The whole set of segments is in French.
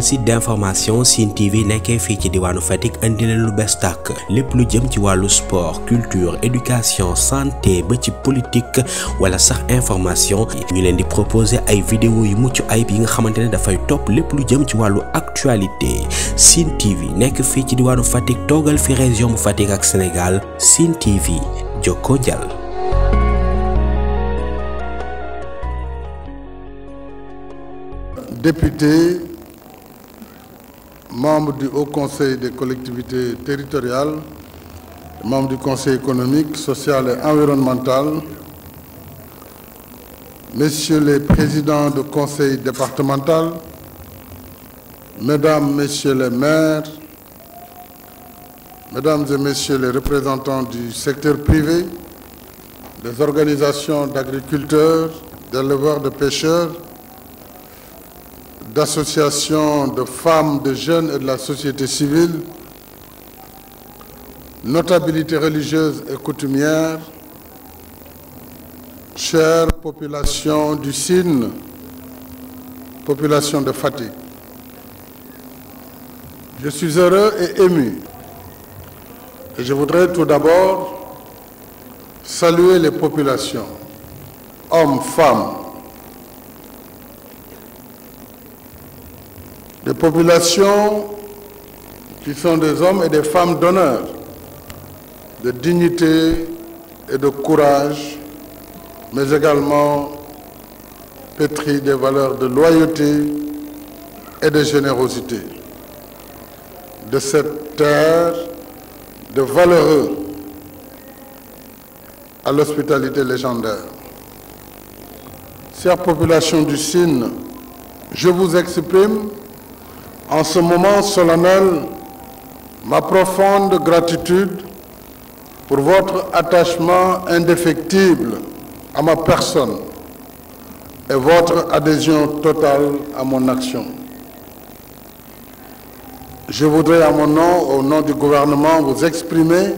site d'information sin TV nekkee fi ci diwanu fatik un le lu stack les plus lu jëm ci walu sport culture éducation santé ba ci politique wala sax information il est di à ay vidéo yu muccu ay bi nga top les plus top qui lu jëm ci actualité Sine TV nek fi ci diwanu fatik togal fi région bu fatik ak Sénégal sin TV joko dial député membres du Haut Conseil des collectivités territoriales, membres du Conseil économique, social et environnemental, messieurs les présidents du Conseil départemental, mesdames, messieurs les maires, mesdames et messieurs les représentants du secteur privé, des organisations d'agriculteurs, d'éleveurs, de pêcheurs, d'associations de femmes, de jeunes et de la société civile, notabilité religieuse et coutumière, chère population du Sine, population de Fatih. Je suis heureux et ému. Et je voudrais tout d'abord saluer les populations, hommes, femmes, des populations qui sont des hommes et des femmes d'honneur, de dignité et de courage, mais également pétries des valeurs de loyauté et de générosité. De cette terre de valeureux à l'hospitalité légendaire. Chère population du Sine, je vous exprime en ce moment solennel ma profonde gratitude pour votre attachement indéfectible à ma personne et votre adhésion totale à mon action. Je voudrais à mon nom, au nom du gouvernement, vous exprimer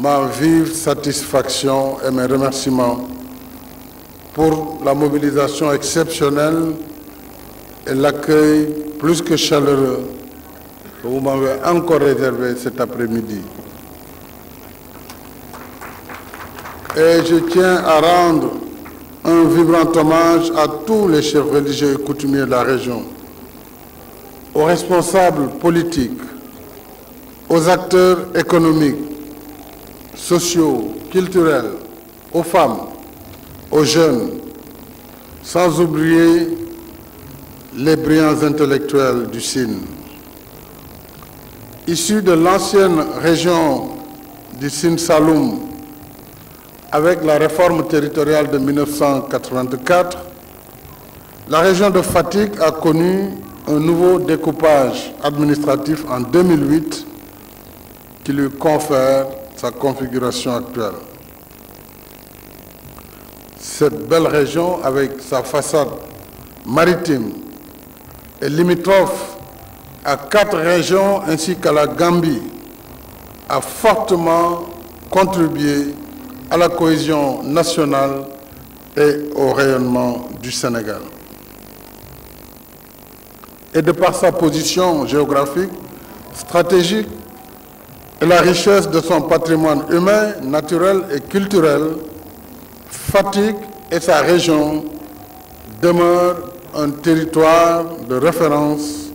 ma vive satisfaction et mes remerciements pour la mobilisation exceptionnelle et l'accueil plus que chaleureux que vous m'avez encore réservé cet après-midi. Et je tiens à rendre un vibrant hommage à tous les chefs religieux et coutumiers de la région, aux responsables politiques, aux acteurs économiques, sociaux, culturels, aux femmes, aux jeunes, sans oublier les brillants intellectuels du Sine. Issus de l'ancienne région du Sine Saloum, avec la réforme territoriale de 1984, la région de Fatigue a connu un nouveau découpage administratif en 2008 qui lui confère sa configuration actuelle. Cette belle région, avec sa façade maritime limitrophe à quatre régions ainsi qu'à la Gambie, a fortement contribué à la cohésion nationale et au rayonnement du Sénégal. Et de par sa position géographique, stratégique et la richesse de son patrimoine humain, naturel et culturel, Fatigue et sa région demeurent un territoire de référence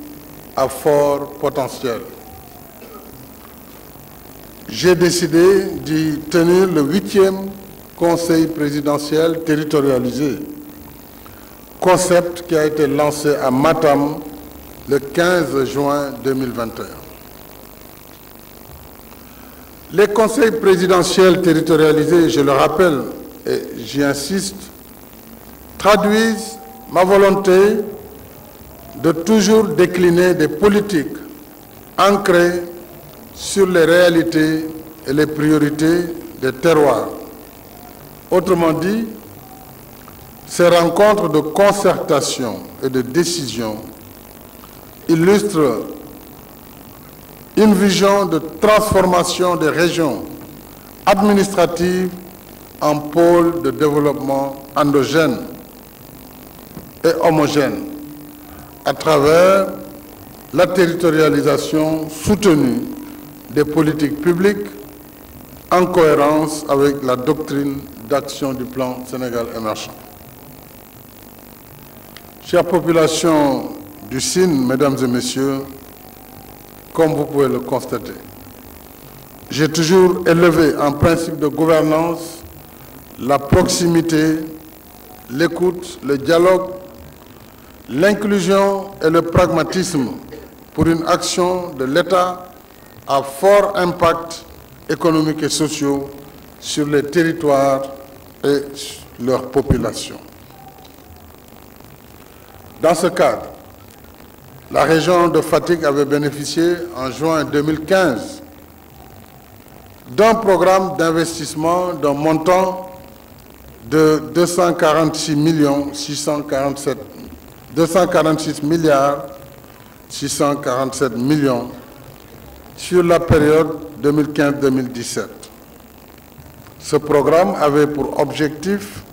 à fort potentiel. J'ai décidé d'y tenir le huitième Conseil présidentiel territorialisé, concept qui a été lancé à Matam le 15 juin 2021. Les conseils présidentiels territorialisés, je le rappelle et j'y insiste, traduisent ma volonté de toujours décliner des politiques ancrées sur les réalités et les priorités des terroirs. Autrement dit, ces rencontres de concertation et de décision illustrent une vision de transformation des régions administratives en pôle de développement endogène et homogène à travers la territorialisation soutenue des politiques publiques en cohérence avec la doctrine d'action du plan Sénégal émergent. Chère populations du Sine, mesdames et messieurs, comme vous pouvez le constater, j'ai toujours élevé en principe de gouvernance la proximité, l'écoute, le dialogue l'inclusion et le pragmatisme pour une action de l'État à fort impact économique et social sur les territoires et leur population. Dans ce cadre, la région de Fatigue avait bénéficié en juin 2015 d'un programme d'investissement d'un montant de 246 647 246 milliards 647 millions sur la période 2015-2017. Ce programme avait pour objectif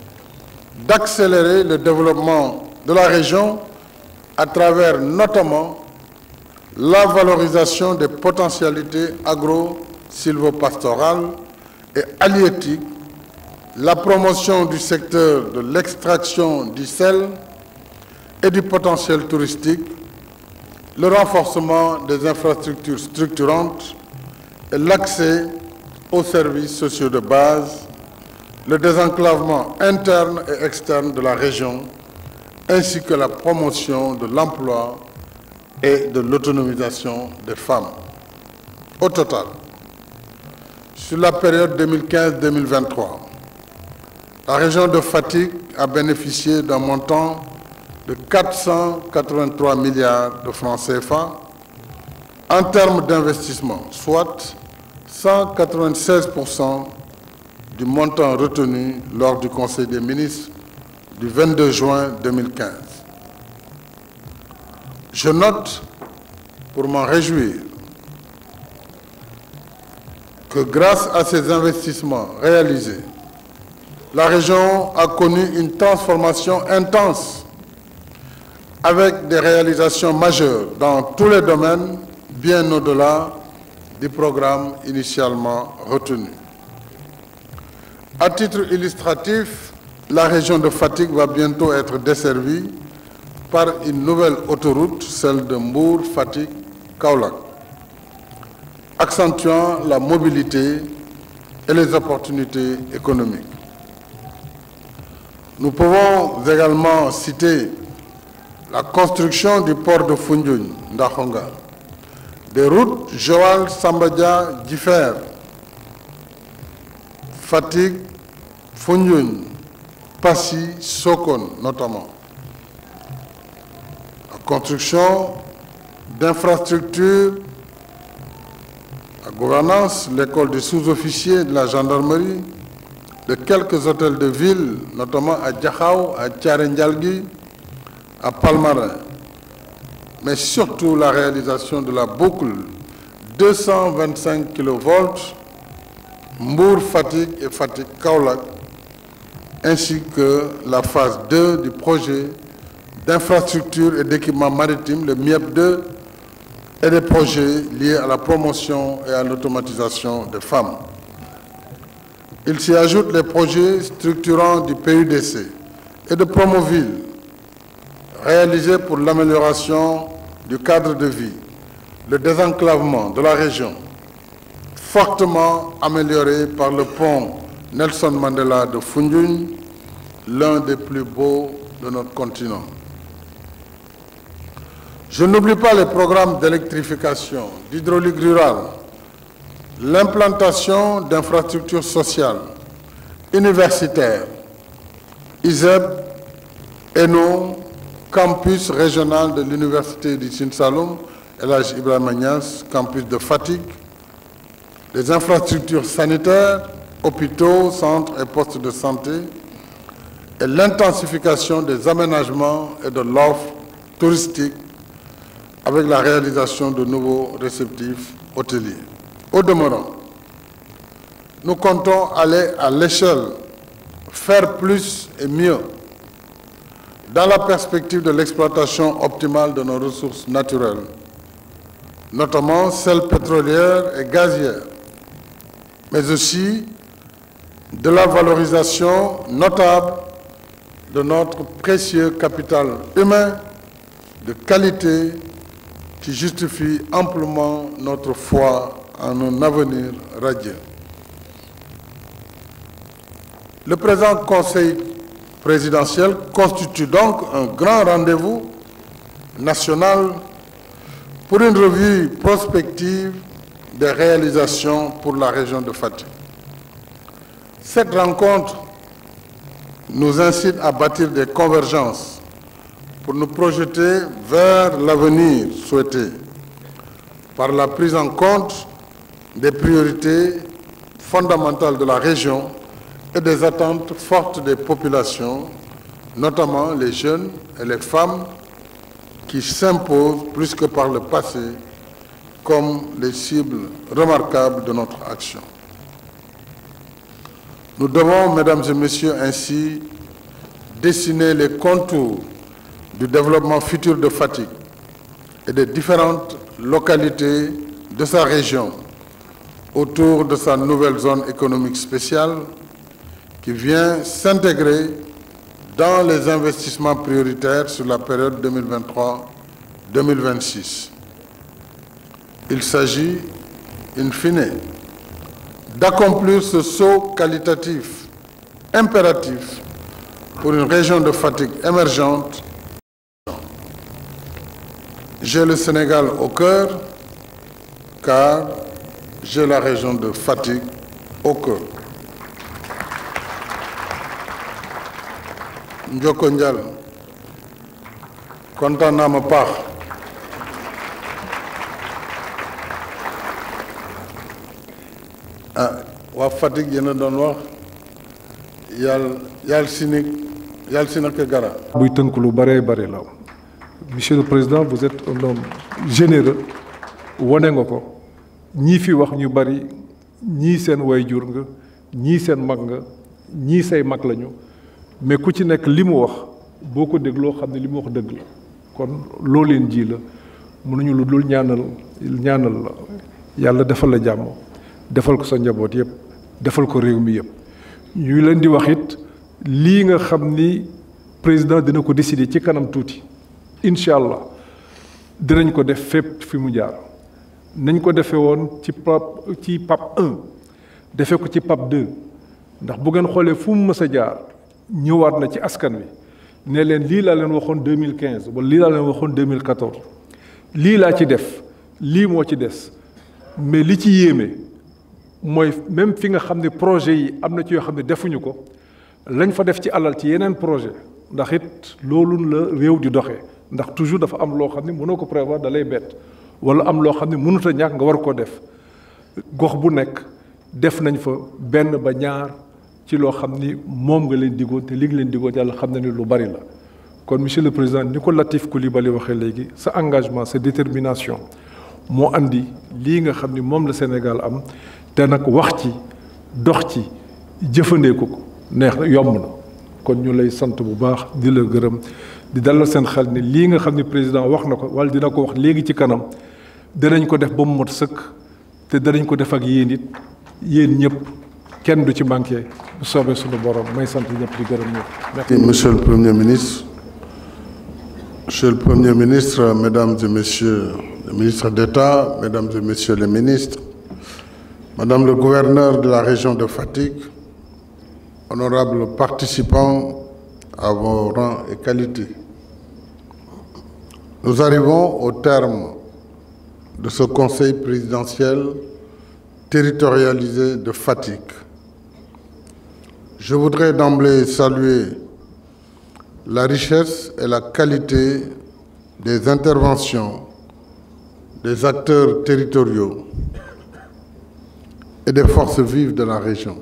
d'accélérer le développement de la région à travers notamment la valorisation des potentialités agro-silvopastorales et halieutiques, la promotion du secteur de l'extraction du sel, et du potentiel touristique, le renforcement des infrastructures structurantes et l'accès aux services sociaux de base, le désenclavement interne et externe de la région, ainsi que la promotion de l'emploi et de l'autonomisation des femmes. Au total, sur la période 2015-2023, la région de Fatigue a bénéficié d'un montant de 483 milliards de francs CFA en termes d'investissement, soit 196% du montant retenu lors du Conseil des ministres du 22 juin 2015. Je note, pour m'en réjouir, que grâce à ces investissements réalisés, la région a connu une transformation intense avec des réalisations majeures dans tous les domaines, bien au-delà du programme initialement retenu. À titre illustratif, la région de Fatigue va bientôt être desservie par une nouvelle autoroute, celle de Mbour-Fatigue-Kaolack, accentuant la mobilité et les opportunités économiques. Nous pouvons également citer la construction du port de Funjoun, Ndahonga, des routes Joal, Sambadia, Giffer, Fatigue, Funjoun, Passy, Sokon notamment. La construction d'infrastructures, la gouvernance, l'école des sous-officiers de la gendarmerie, de quelques hôtels de ville, notamment à Djakhao, à Tcharendjalgi, à Palmarin, mais surtout la réalisation de la boucle 225 kV mour Fatigue et Fatigue kaulak ainsi que la phase 2 du projet d'infrastructure et d'équipement maritime, le MIEP 2, et des projets liés à la promotion et à l'automatisation des femmes. Il s'y ajoute les projets structurants du PUDC et de Promoville, réalisé pour l'amélioration du cadre de vie, le désenclavement de la région, fortement amélioré par le pont Nelson Mandela de Fundun, l'un des plus beaux de notre continent. Je n'oublie pas les programmes d'électrification, d'hydraulique rurale, l'implantation d'infrastructures sociales, universitaires, ISEB, ENO, campus régional de l'Université du saloum Elage Ibrahim Agnès, campus de Fatigue, les infrastructures sanitaires, hôpitaux, centres et postes de santé, et l'intensification des aménagements et de l'offre touristique avec la réalisation de nouveaux réceptifs hôteliers. Au demeurant, nous comptons aller à l'échelle, faire plus et mieux dans la perspective de l'exploitation optimale de nos ressources naturelles, notamment celles pétrolières et gazières, mais aussi de la valorisation notable de notre précieux capital humain de qualité qui justifie amplement notre foi en un avenir radieux. Le présent Conseil présidentielle constitue donc un grand rendez-vous national pour une revue prospective des réalisations pour la région de Fatih. Cette rencontre nous incite à bâtir des convergences pour nous projeter vers l'avenir souhaité par la prise en compte des priorités fondamentales de la région et des attentes fortes des populations, notamment les jeunes et les femmes, qui s'imposent plus que par le passé comme les cibles remarquables de notre action. Nous devons, mesdames et messieurs, ainsi dessiner les contours du développement futur de Fatigue et des différentes localités de sa région autour de sa nouvelle zone économique spéciale qui vient s'intégrer dans les investissements prioritaires sur la période 2023-2026. Il s'agit, in fine, d'accomplir ce saut qualitatif impératif pour une région de fatigue émergente. J'ai le Sénégal au cœur, car j'ai la région de fatigue au cœur. njoko njal kontaan naa ma paax ah waa Fatick yéen a doon wax yàlla yàlla si nekk yàlla si gara. buy tënk lu bëree bëri la monsieur le président vous êtes un homme généreux wane nga ko ñii fi wax ñu bëri ñii seen way jur nga ñii seen mag nga ñii say mag lañu mais ku ci nekk li mu wax boo ko dégloo xam wax dëgg la kon loo leen ji la mënuñu lu dul ñaanal ñaanal la yàlla defal la jàmm defal ko sa njaboot yépp defal ko réew mi yépp ñu leen di wax it nga xam président dina ko décider ci kanam tuuti incha allah dinañ ko def fépp fi mu jaar nañ ko defee woon ci pap ci pap 1 defee ko ci pap 2 ndax bu ngeen xoolee fu mu mës jaar ñëwaat na ci askan wi ne leen lii laa leen waxoon 2015 mille quinze wala lii laa leen waxoon deux lii laa ci def lii moo ci des mais li ci yéeme mooy même fi nga xam ne projet yi am na ci yoo xam ne defuñu ko lañ fa def ci alal ci yeneen projet ndax it loolu la réew di doxee ndax toujours dafa am loo xam ne mënoo ko prévoir da lay bett wala am loo xam ne mënut a ñàkk nga war koo def gox bu nekk def nañ fa benn ba ñaar. ci loo xam ni moom nga leen digoon te li nga leen digoon yàlla xam na ni lu bari la kon monsieur le président ni ko Latif Coulibaly waxee léegi sa engagement sa détermination moo andi lii nga xam ni moom la Sénégal am te nag wax ci dox ci jëfandeeku ko neex na yomb na kon ñu lay sant bu baax di la gërëm di dalal seen xel ni lii nga xam ni président wax na ko wala dina ko wax léegi ci kanam danañ ko def ba mu mot sëkk te danañ ko def ak yéen it yéen ñëpp monsieur le premier ministre monsieur le premier ministre mesdames et messieurs les ministres d'État mesdames et messieurs les ministres madame le gouverneur de la région de Fatik, honorables participants à vos rangs et qualités nous arrivons au terme de ce conseil présidentiel territorialisé de Fatik. Je voudrais d'emblée saluer la richesse et la qualité des interventions des acteurs territoriaux et des forces vives de la région.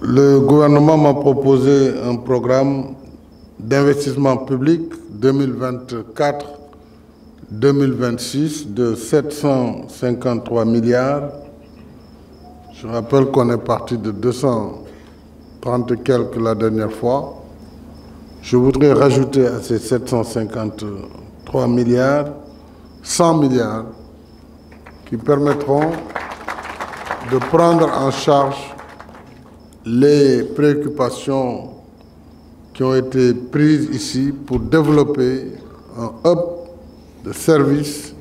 Le gouvernement m'a proposé un programme d'investissement public 2024-2026 de 753 milliards je rappelle qu'on est parti de 230 quelques la dernière fois. Je voudrais rajouter à ces 753 milliards, 100 milliards qui permettront de prendre en charge les préoccupations qui ont été prises ici pour développer un hub de services,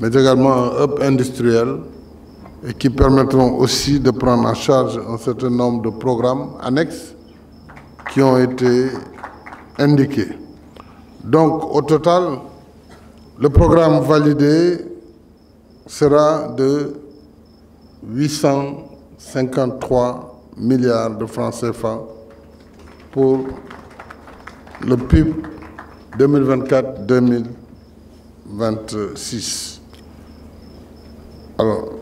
mais également un hub industriel et qui permettront aussi de prendre en charge un certain nombre de programmes annexes qui ont été indiqués. Donc, au total, le programme validé sera de 853 milliards de francs CFA pour le PIB 2024-2026. Alors,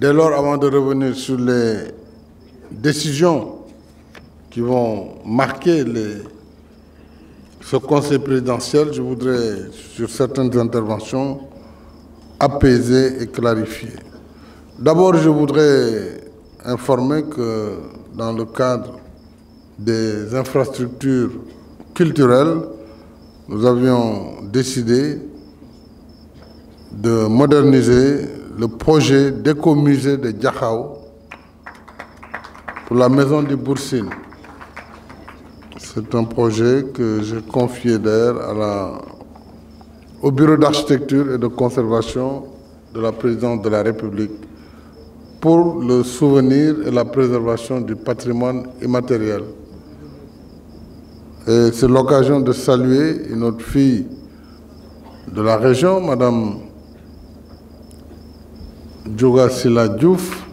Dès lors, avant de revenir sur les décisions qui vont marquer ce conseil présidentiel, je voudrais, sur certaines interventions, apaiser et clarifier. D'abord, je voudrais informer que dans le cadre des infrastructures culturelles, nous avions décidé de moderniser le projet d'écomusée de Diakhao pour la maison du Boursine. C'est un projet que j'ai confié d'ailleurs au bureau d'architecture et de conservation de la présidence de la République pour le souvenir et la préservation du patrimoine immatériel. Et c'est l'occasion de saluer une autre fille de la région, Madame Djouga Sila Diouf,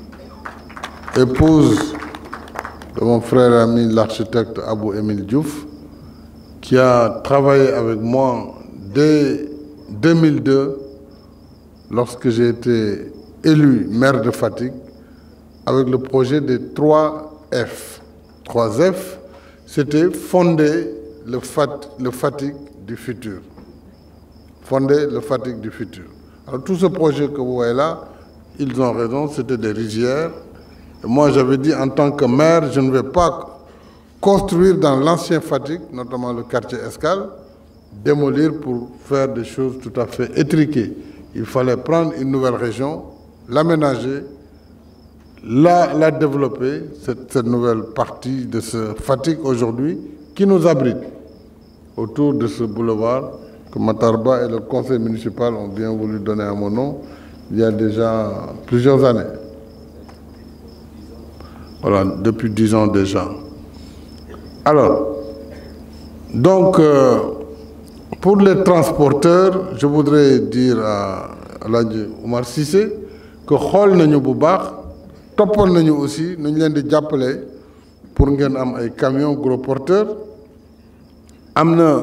épouse de mon frère et ami l'architecte Abou emile Diouf, qui a travaillé avec moi dès 2002, lorsque j'ai été élu maire de Fatigue, avec le projet des 3F. 3F, c'était fonder le, fat, le Fatigue du futur. Fonder le Fatigue du futur. Alors tout ce projet que vous voyez là, ils ont raison, c'était des rizières. moi, j'avais dit, en tant que maire, je ne vais pas construire dans l'ancien Fatigue, notamment le quartier Escale, démolir pour faire des choses tout à fait étriquées. Il fallait prendre une nouvelle région, l'aménager, la, développer, cette, cette nouvelle partie de ce Fatigue aujourd'hui qui nous abrite autour de ce boulevard que Matarba et le conseil municipal ont bien voulu donner à mon nom il y a déjà plusieurs années. Voilà, depuis dix ans déjà. Alors, donc, euh, pour les transporteurs, je voudrais dire à, à Omar Sissé que nous nañu bu baax aussi nous avons de jappeler pour un gros porteur amener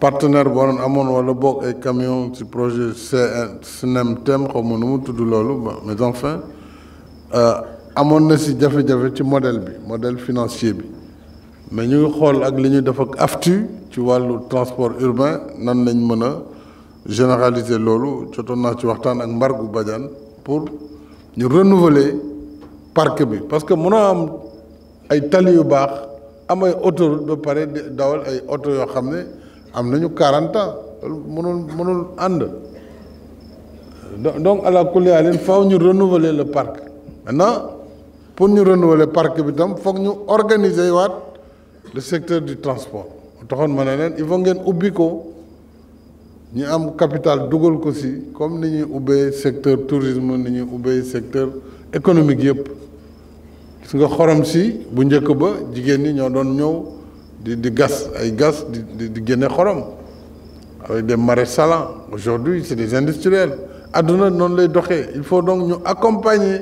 partenaire bon, doon amoon wala bok ay camion ci projet CN SNEMTEM xaw ma nu mu tudd loolu mais enfin euh, amone na si jafé jafé ci modèle bi modèle financier bi mais ñu ngi xol ak li ñuy def ak AFTU ci walu transport urbain nan lañ mëna généraliser loolu jotoon na ci waxtaan ak Mbargu Badian pour ñu renouveler parc bi parce que mënoo am ay tali yu baax am ay autoroute ba pare dawal ay auto yo xamné am nañu 40 ans mënul mënul ànd donc à la kulli leen faaw ñu renouveler le parc maintenant pour ñu renouveler parc bi tam foog ñu organiser waat le secteur du transport taxoon ma ne leen il faut ngeen ubbi ko ñu am capital dugal ko si comme ni ñuy ubbee secteur tourisme ni ñuy ubbee secteur économique yépp gis nga xorom si bu njëkk ba jigéen ñi ñoo doon ñëw des gaz, des gaz di di de xorom avec des marais salants aujourd'hui c'est des industriels Aduna non lay il faut donc nous accompagner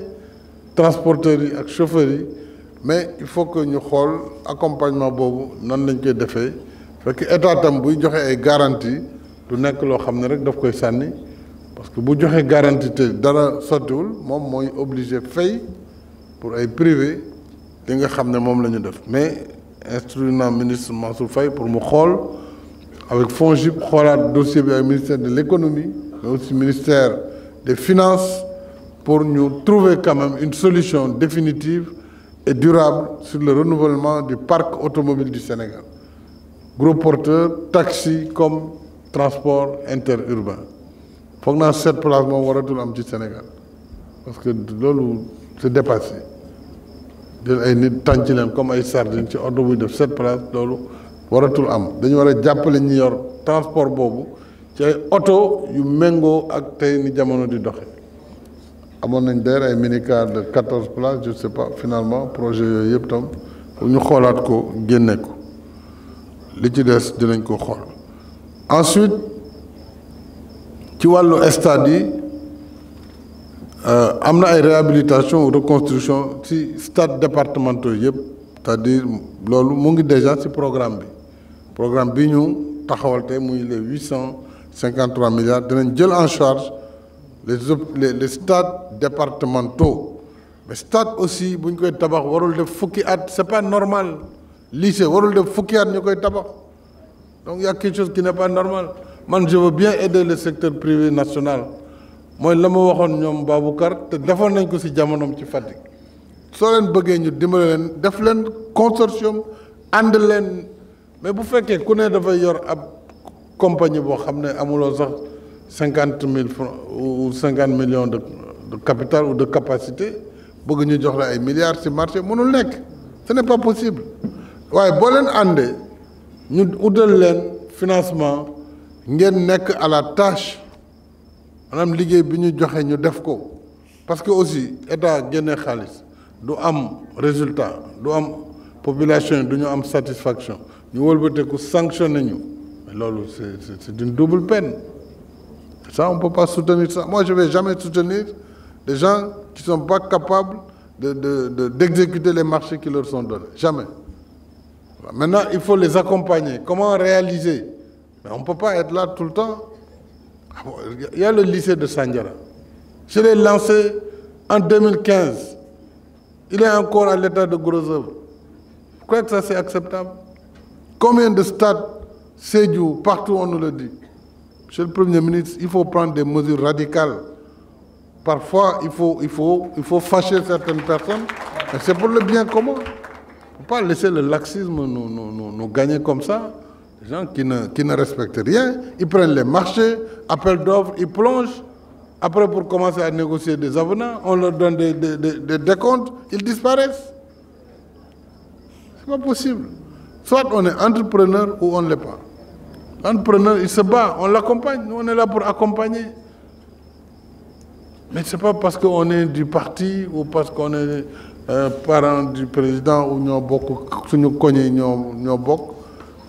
transporteurs et ak chauffeurs mais il faut que nous xool accompagnement boobu nan lañ koy il parce que tam buy joxe ay garantie du nekk loo pas ne rek daf koy parce que bu joxe garantie te dara sottiwul moom mooy obligé faire pour ay privé li nga xam ne moom def mais instruire le ministre Mansour pour me rôle avec pour le dossier du ministère de l'économie aussi ministère des finances pour nous trouver quand même une solution définitive et durable sur le renouvellement du parc automobile du Sénégal gros porteur, taxi comme transport interurbain Il faut que places je soit am Sénégal parce que c'est dépassé jël ay nit tànc leen comme ay sardine ci ordre buy def sept place loolu waratul am dañu war a jàppale ñi yor transport boobu ci ay oto yu méngoo ak tey ni jamono di doxe amoon nañ d'ailleurs ay minicar de 14 place je sais pas finalement projet yooyu yëpp tam pour ñu xoolaat ko génne ko li ci des dinañ ko xool ensuite ci wàllu stade yi euh, y a réhabilitation reconstruction ci stade départementaux c'est-à-dire que déjà ci programme Le programme est ñu 853 les milliards en charge les les stades départementaux mais stade aussi c'est koy tabax warul c'est pas normal lycée warul def donc il y a quelque chose qui n'est pas normal Moi, je veux bien aider le secteur privé national mooy la ma waxoon ñoom te defoon nañ ko si jamonoom ci consortium ànd leen mais bu fekkee ku ne yor compagnie boo xam ne ou 50 millions de capital ou de capacité bëgg ñu jox la ay milliards marché ce n'est pas possible waaye boo ñu financement ngeen à la tâche. On a bi ñu joxe ñu def parce que aussi état génne xaalis du am résultat du am population populations, du ñu am satisfaction ñu wëlbateeku sanctionné ñu Mais c'est une double peine ça on peut pas soutenir ça moi je vais jamais soutenir des gens qui sont pas capables de de d'exécuter les marchés qui leur sont donnés jamais maintenant il faut les accompagner comment réaliser On on peut pas être là tout le temps ah il y a le lycée de Sanjara. Je l'ai lancé en 2015. Il est encore à l'état de gros œuvre. Vous croyez que ça c'est acceptable Combien de stades, sédio partout on nous le dit Monsieur le Premier ministre, il faut prendre des mesures radicales. Parfois, il faut, il faut, fâcher certaines personnes, c'est pour le bien commun. Il ne faut pas laisser le laxisme nous gagner comme ça gens qui ne, respectent rien, ils prennent les marchés, appels d'offres, ils plongent. Après, pour commencer à négocier des avenants, on leur donne des, des, décomptes, ils disparaissent. C'est pas possible. Soit on est entrepreneur ou on ne l'est pas. entrepreneur il se bat, on l'accompagne. Nous, on est là pour accompagner. Mais ce n'est pas parce qu'on est du parti ou parce qu'on est euh, parent du président ou nous connaissons beaucoup,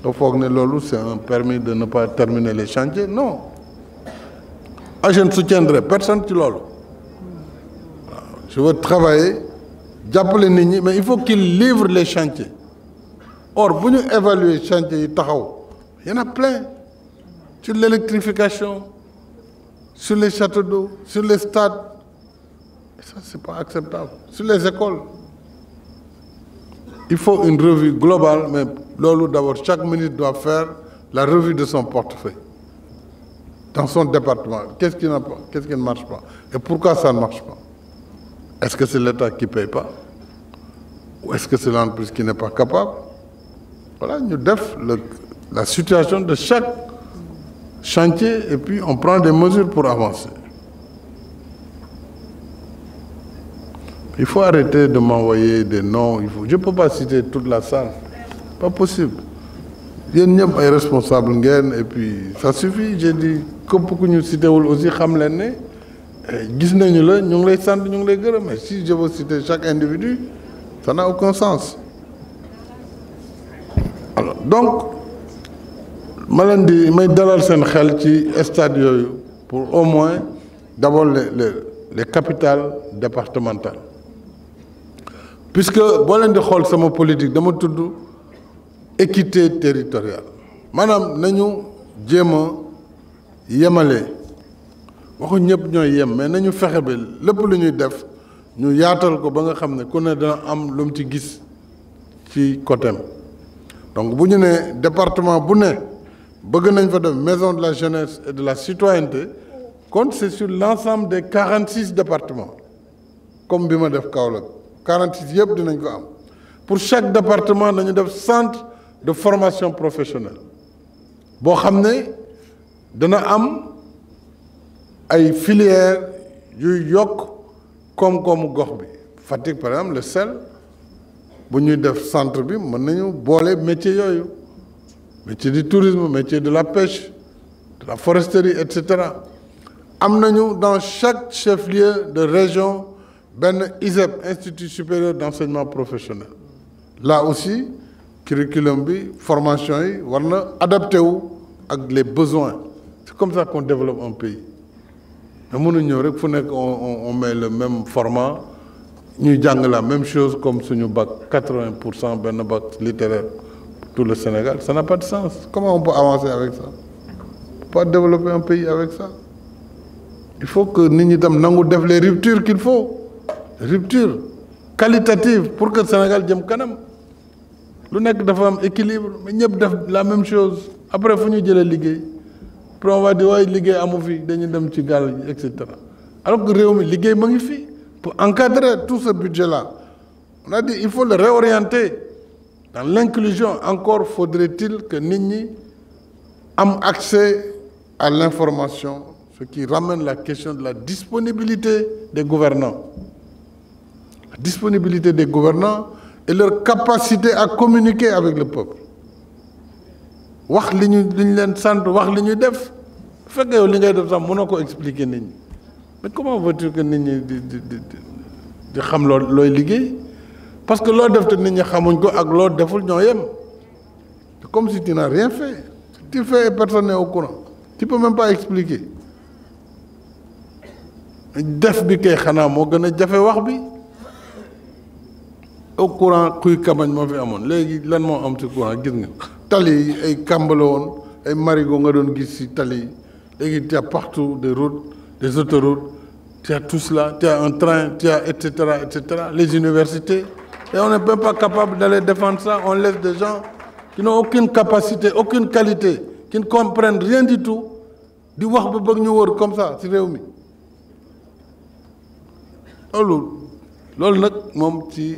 au fond c'est un permis de ne pas terminer les chantiers non je ne soutiendrai personne tu l'olo. je veux travailler J'appelle les mais il faut qu'ils livrent les chantiers or vous évaluez les chantiers il y en a plein sur l'électrification sur les châteaux d'eau sur les stades et ça c'est pas acceptable sur les écoles il faut une revue globale mais Lolo, d'abord chaque ministre doit faire la revue de son portefeuille dans son département. Qu'est-ce qui, quest qui ne marche pas Et pourquoi ça ne marche pas Est-ce que c'est l'État qui ne paye pas Ou est-ce que c'est l'entreprise qui n'est pas capable Voilà, nous devons la situation de chaque chantier et puis on prend des mesures pour avancer. Il faut arrêter de m'envoyer des noms. Il faut... Je ne peux pas citer toute la salle pas possible Il y a responsable responsables et puis ça suffit j'ai dit pour que nous nous aussi xam leen mais si je veux citer chaque individu ça n'a aucun sens donc je vais may dalal stade pour au moins d'abord les les capitales départementales puisque si leen mon politique dama équité territoriale Madame, nous sommes yemale Nous sommes yem mais nañu nous Nous def ñu yaatal ko ba nga am Nous ci département maison de la jeunesse et de la citoyenneté compte sur l'ensemble des 46 départements comme nous def Kaolack départements, pour chaque département nous def centre de formation professionnelle Si xamné dana am ay filières yu yok comme comme gox bi par exemple le sel bu def centre bi mën nañu bolé métier métiers, métier du tourisme métier de la pêche de la foresterie etc cetera dans chaque chef-lieu de région ben ISEP institut supérieur d'enseignement professionnel là aussi curriculum bi formation on adapté les besoins c'est comme ça qu'on développe un pays mais on met le même format on jàng la même chose comme si nous avait 80% de tout le Sénégal ça n'a pas de sens comment on peut avancer avec ça On pas développer un pays avec ça il faut que nous ñi les ruptures qu'il faut rupture qualitative pour que le Sénégal quand même lu nekk dafa am équilibre mais def la même chose après fu ñu jëlee liggéey après on va dire waaye liggéey amu fi dañu dem ci gaal etc. alors que réew mi liggéey ma fi pour encadrer tout ce budget là on a dit il faut le réorienter dans l'inclusion encore faudrait-il que nous ñi am accès à l'information ce qui ramène la question de la disponibilité des gouvernants la disponibilité des gouvernants et leur capacité à communiquer avec le peuple wax li ñu li leen sant wax li def bu yow li ngay def sax mënoo ko expliquer nit ñi mais comment veux-tu que nit ñi di di di xam loo looy liggéey parce que loo def te nit ñi xamuñ ko ak loo deful ñoo yem comme si tu n'as rien fait tu fais et personne n'est au courant tu peux même pas expliquer def bi kay xanaa moo gën a jafe wax bi au courant kuy kamañ moo fi amoon léegi lan moo am ci courant gis nga tali yi ay kàmbala woon ay marigo nga doon gis ci tali yi léegi partout des routes des autoroutes t'as tout cela a un train t'as et cetera et cetera les universités et on n'est même pas capable d'aller défendre ça on laisse des gens qui n'ont aucune capacité aucune qualité qui ne comprennent rien du tout di wax ba bëgg ñu wër comme ça ci réew mi loolu loolu nag moom ci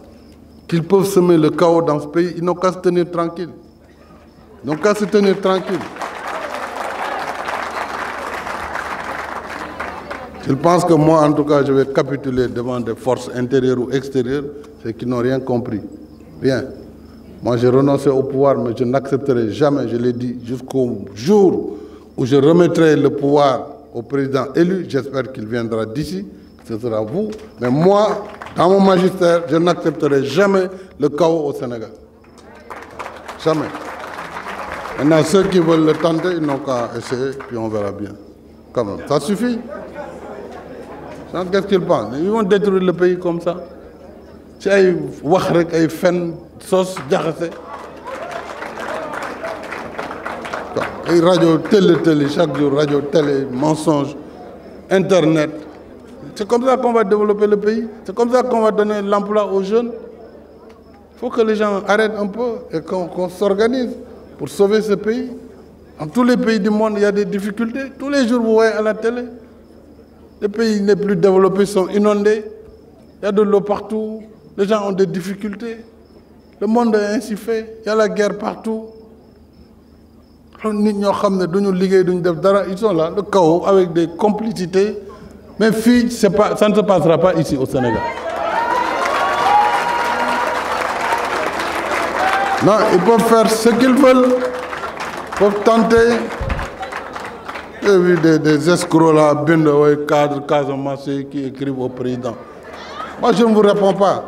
qu'ils peuvent semer le chaos dans ce pays, ils n'ont qu'à se tenir tranquille. Ils n'ont qu'à se tenir tranquille. Ils pensent que moi, en tout cas, je vais capituler devant des forces intérieures ou extérieures, c'est qu'ils n'ont rien compris. Bien. Moi, j'ai renoncé au pouvoir, mais je n'accepterai jamais, je l'ai dit, jusqu'au jour où je remettrai le pouvoir au président élu. J'espère qu'il viendra d'ici, ce sera vous. Mais moi, dans mon magistère, je n'accepterai jamais le chaos au Sénégal. Jamais. Maintenant, ceux qui veulent le tenter, ils n'ont qu'à essayer, puis on verra bien. Quand même, ça suffit. Qu'est-ce qu'ils pensent Ils vont détruire le pays comme ça. C'est ay wax rek ay fen sos radio télé télé chaque jour radio télé mensonge internet c'est comme ça qu'on va développer le pays. C'est comme ça qu'on va donner l'emploi aux jeunes. Il faut que les gens arrêtent un peu et qu'on s'organise pour sauver ce pays. Dans tous les pays du monde, il y a des difficultés. Tous les jours, vous voyez à la télé, les pays les plus développés sont inondés. Il y a de l'eau partout. Les gens ont des difficultés. Le monde est ainsi fait. Il y a la guerre partout. Ils sont là, le chaos, avec des complicités. Mais filles, ça ne se passera pas ici au Sénégal. Non, ils peuvent faire ce qu'ils veulent. Ils peuvent tenter. J'ai vu des, escrocs là, cadres, cadre, massés qui écrivent au président. Moi, je ne vous réponds pas.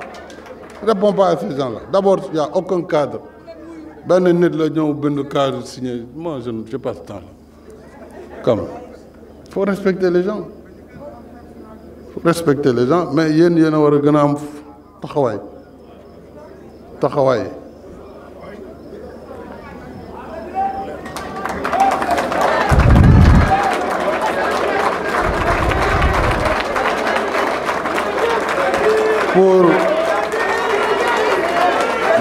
Je ne réponds pas à ces gens-là. D'abord, il n'y a aucun cadre. Ben, ne sais ou ben cadre signé. Moi, je pas ce temps-là. Comme. Il faut respecter les gens. respecter les gens mais yéen yéen a war a gën a am taxawaay taxawaay pour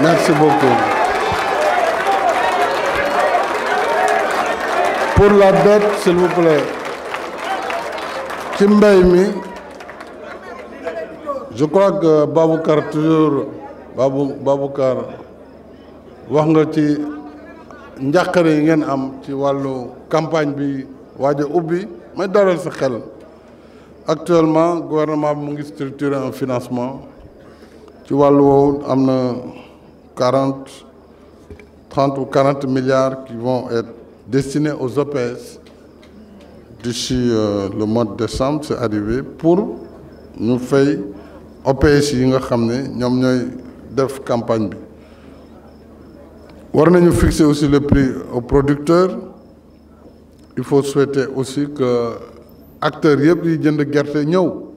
merci beaucoup pour la dette s'il vous plaît ci mbay mi je crois que Baboukar toujours Babou Baboucar wax nga ci njàqare yi ngeen am ci walu campagne bi waje mais dans may dalal sa xel actuellement gouvernement a structuré ngi structurer un financement ci walu woowu amna 40 30 ou 40 milliards qui vont être destinés aux OPS d'ici euh, le mois de décembre c'est arrivé pour nous faire OPS yi nga xam ne ñoom ñooy def campagne bi war nañu fixer aussi le prix aux producteurs il faut souhaiter aussi que acteurs yëpp yi jënd gerte ñëw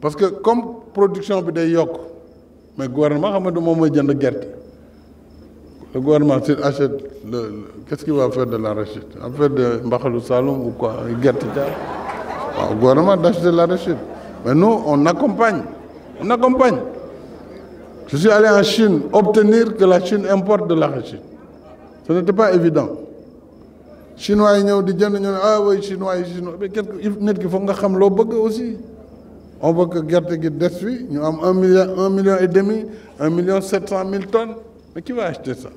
parce que comme production bi day yokk mais gouvernement xam nga du moom mooy jënd le gouvernement s'il achète qu'est-ce qu'il va faire de la Il va faire de mbaxalu Saloum ou quoi gerte jaar waaw gouvernement la l'arachide mais nous on accompagne on accompagne. Je suis allé en Chine obtenir que la Chine importe de la Russie. Ce n'était pas évident. Chinois, ils ont dit, ah oui, Chinois, Chinois. Mais il faut que nous aussi. aussi. On voit que les qui détruit, nous avons 1 million, 1,7 million et demi, million tonnes. Mais qui va acheter ça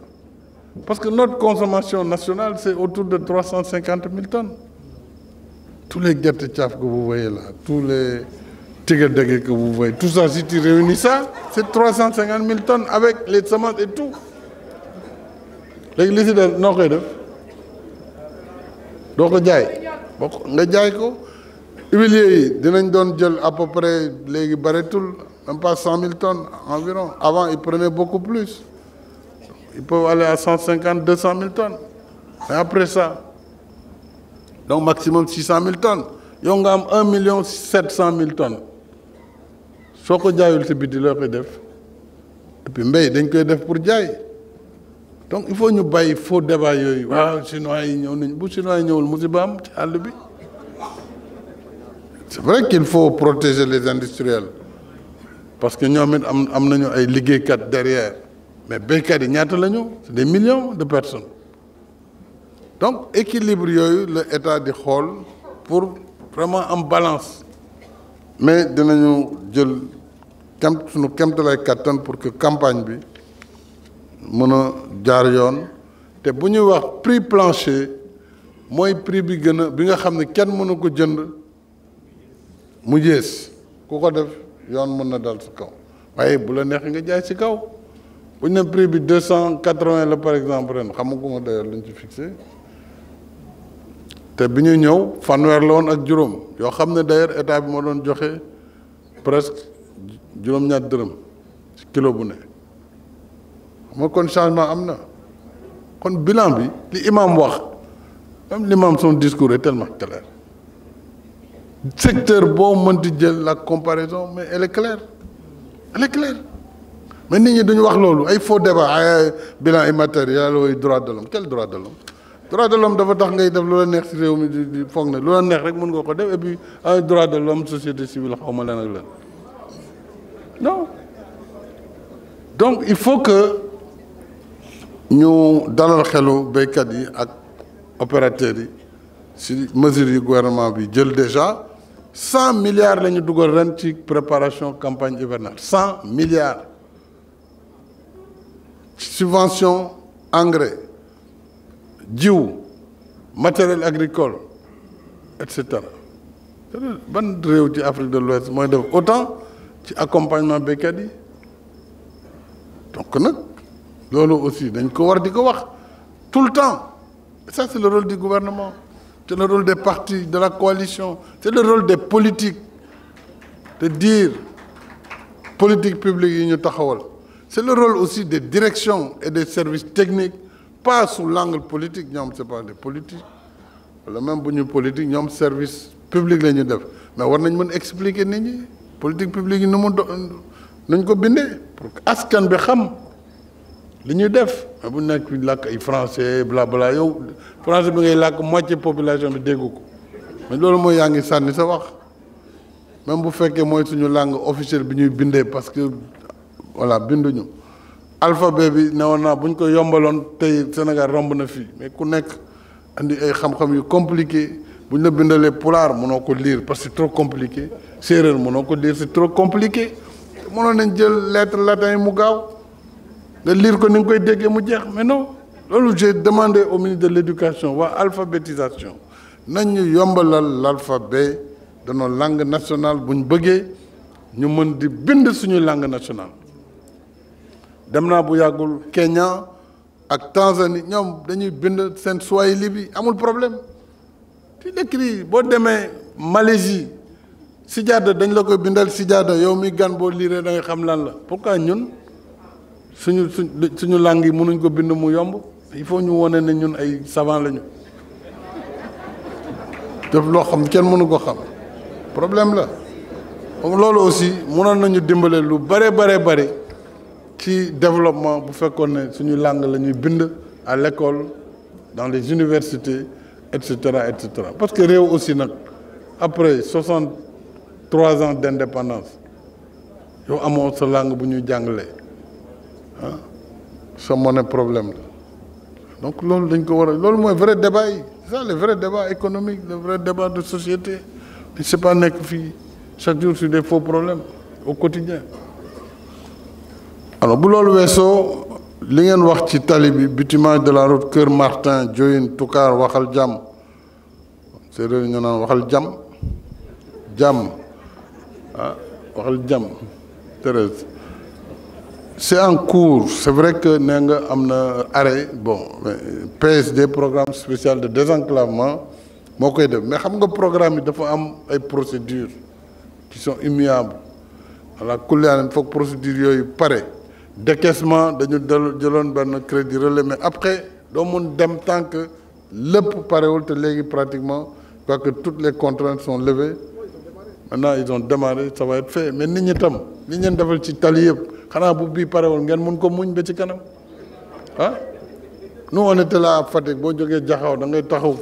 Parce que notre consommation nationale, c'est autour de 350 000 tonnes. Tous les Gerte que vous voyez là, tous les... Tout ça, si tu réunis ça, c'est 350 000 tonnes avec les semences et tout. Les est non rien. Donc, on a dit, on a à peu près les même pas 100 000 tonnes environ. Avant, ils prenaient beaucoup plus. Ils peuvent aller à 150, 200 000 tonnes. Mais après ça, donc maximum 600 000 tonnes. Ils ont 1 700 000 tonnes soo ko jaayul si biti loo koy def et puis mbéy dañ koy def pour jaay donc il faut ñu bàyyi faux débat yooyu waaw chinois yi ñëw nañ bu chinois yi ñëwul musiba am ci àll bi c'est vrai qu'il faut protéger les industriels parce que ñoom it am am nañu ay liggéeykat derrière mais béykat yi ñaata la c'est des millions de personnes donc équilibre yooyu la état di xool pour vraiment am balance mais dinañu jël kem suñu kemtalaay kàttan pour que campagne bi mën a jaar yoon te bu ñuy wax prix plancher mooy prix bi gën a bi nga xam ne kenn mënu ko jënd mu yées ku ko def yoon mun na dal si kaw waaye bu la neex nga jaay si kaw bu ñu ne prix bi deux cent quatre-vingts la par exemple ren xamaguma d'ailleurs lu ñu ci fixé te biñu ñëw fanwer la woon ak juróom yoo xam ne d'ailleurs état bi moo doon joxe presque juróom-ñaar dërëm ci kilo bu ne moo kon changement am na kon bilan bi li imam wax même l'imam son discours est tellement clair secteur boo mënti jël la comparaison mais elle est claire elle est claire mais nit ñi duñu wax loolu ay faux débat ay bilan immatériel yooyu droit de l'homme quel droit de l'homme droit de l'homme dafa tax ngay def lu la neex la et puis droit de l'homme société civile non donc il faut que ñu dalal xelu béykat yi ak opérateurs yi si mesures yi gouvernement bi déjà 100 milliards de ñu ren ci préparation campagne hivernale 100 milliards subvention engrais du matériel agricole etc. cetera ban de l'Ouest autant ci accompagnement donc aussi tout le temps ça c'est le rôle du gouvernement c'est le rôle des partis de la coalition c'est le rôle des politiques de dire politique publique c'est le rôle aussi des directions et des services techniques pas sous l'angle politique ñoom c'est pas des politiques wala même bu politique ñoom service public la ñu def mais war nañ mën expliquer nit politique publique yi nu mu do nañ ko bindee pour que askan bi xam li ñuy def mais bu nekk fi làkk ay français bla bla yow français bi ngay làkk moitié population bi dégg mais loolu mooy yaa ngi sànni sa wax même bu fekkee mooy suñu langue officielle bi ñuy bindee parce que voilà binduñu. alphabet bi ne naa bu ñu ko yombaloon tey Sénégal romb na fii mais ku nekk andi ay xam yu compliqué bu ñu bindalee pulaar mënoo ko lire parce que c'est trop compliqué séeréer ko lire c'est trop compliqué mënoon nañ jël lettre latin yi mu gaaw nga lire ko ni koy déggee mu jeex mais loolu j'ai demandé au ministre de l'éducation waa alphabétisation nañ ñu yombalal l'alphabet de nos langues nationales bu ñu bëggee ñu mën di bind suñuy langue national dem naa bu yàggul keña ak Tanzanie ñoom dañuy bind seen swahili libi amul problème tu l'écris boo demee Malaisie sijaada dañ la koy bindal sijaada yow mi gan boo liiree da xam lan la pourquoi ñun suñu suñ suñu langue yi mënuñ ko bind mu yomb il faut ñu wane ne ñun ay savant lañu def loo xam kenn mënu ko xam problème la loolu aussi mënoon nañu dimbale lu bare bare bare qui développement pour faire connaître suñu langue à l'école dans les universités etc. parce que aussi après 63 ans d'indépendance y a sa langue pour nous C'est mon problème donc c'est vrai débat le vrai débat économique le vrai débat de société ne c'est pas nekk chaque jour sur des faux problèmes au quotidien alors bu loolu weesoo li ngeen wax ci tali le bitumage de la route Cœur Martin Diohine Toukar, waxal C'est séeréer ñu naan waxal jàmm jàmm ah, waxal jàmm Thérèse c'est en cours c'est vrai que nous nga am arrêt bon PSD programme spécial de désenclavement Mais vous savez mais xam nga programme yi dafa am ay procédures qui sont immuables faut que les procédures soient pare décaissement dañu avons de crédit mais après do mon dem tant que le té pratiquement quoi que toutes les contraintes sont levées maintenant ils ont démarré ça va être fait mais nit tam defal ci tali xana bu bi ngeen ko muñ ah? nous on était là à jaxaw da ngay taxaw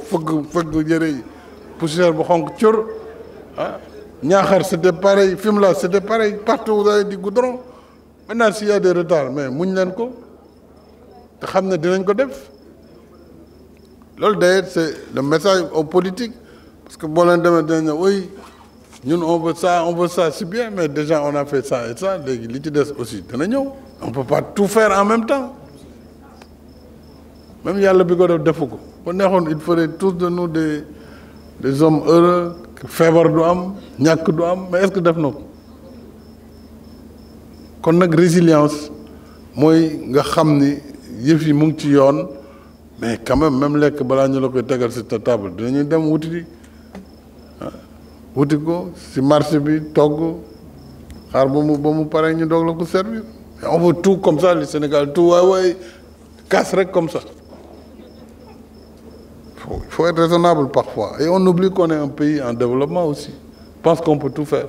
bu xonk ah? c'était pareil c'était pareil partout du goudron maintenant s'il y a des retards mais nous leen ko te xam ne dinañ ko c'est le message aux politiques parce que si oui nous on veut ça on veut ça c'est bien mais déjà on a fait ça et ça les li aussi On ne peut pas tout faire en même temps même il bi a le bigot de Foucault. il ferait tous de nous des des hommes heureux feebar du am pas du am mais est-ce que nous devons kon nag résilience mooy nga xam ni yëf mais quand même même lekk balaa ñu la koy tegal si ta table dinañu dem wuti di ah, wuti ko si bi togg xaar mu ba mu pare ñu doog la ko servir on veut tout comme ça le Sénégal tout waay casse rek comme ça il faut être raisonnable parfois et on oublie qu'on est un pays en développement aussi je pense qu'on peut tout faire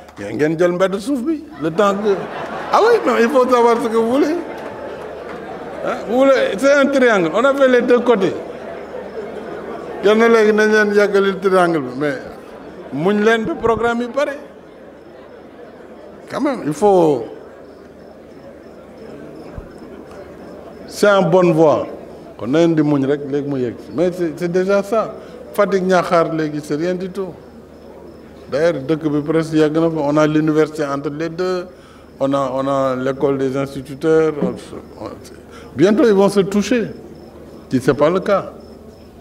ngeen jël mbedd suuf bi le temps que ah oui mais il faut savoir ce que vous voulez ah vous voulez c'est un triangle on a fait les deux côtés kenn léegi nañ leen triangle mais muñ leen ba programme yi pare quand même il faut c'est en bonne voie kon a leen di muñ rek mais c'est déjà ça Fatick Niakhar léegi c'est rien du tout D'ailleurs, on a l'université entre les deux on a on a l'école des instituteurs bientôt ils vont se toucher Ce n'est pas le cas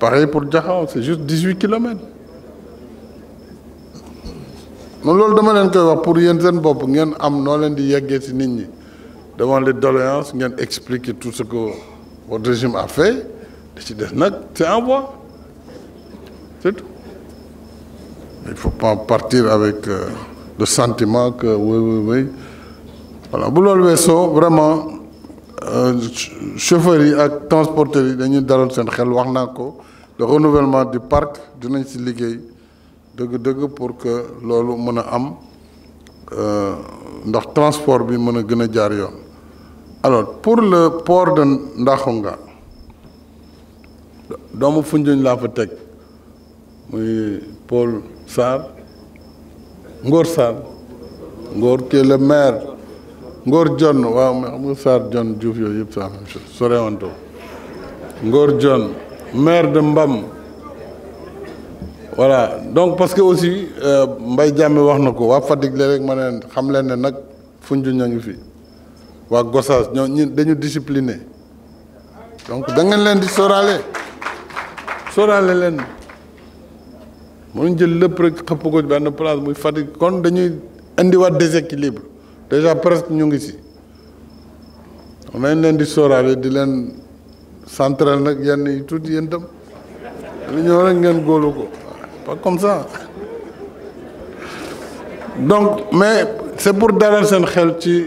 pareil pour Djahao, c'est juste 18 km. Nous Nous, demandons dama pour Yenzen Bob, am di devant les doléances ngeen expliquer tout ce que votre régime a fait c'est en voie c'est tout il ne faut pas partir avec euh, le sentiment que oui, oui, oui. Voilà, bu le vaisseau, vraiment euh, chauffeurs et et transporteurs yi nous avons dit xel nous le renouvellement du parc dinañ ci liggéey dëgg pour que loolu mën am euh, am le transport bi mën alors pour le port de Ndaxonga doomu mon fond fa teg muy Paul Sarr Ngor Sarr Ngor qui est le maire Ngor John waaw xam nga Sarr John Diouf yooyu yëpp c'est la même chose sorewanto Ngor John maire de Mbam voilà donc parce que aussi euh, mbay Diame wax na ko waa Fatick léeg ma ne xam leen ne nag Foundiougne a ngi fi waa Gossas ñoo ñu dañu discipliné donc da leen di sóoraale sóoraale leen. mënuñ jël lépp rek xëpp ko benn place muy Fatick kon dañuy indiwaat déséquilibre déjà presque ñu ngi si nañ leen di sóoraale di leen central nag yenn yi tuuti yéen tam lu rek ngeen góolu ko pas comme ça donc mais c'est pour dalal seen xel ci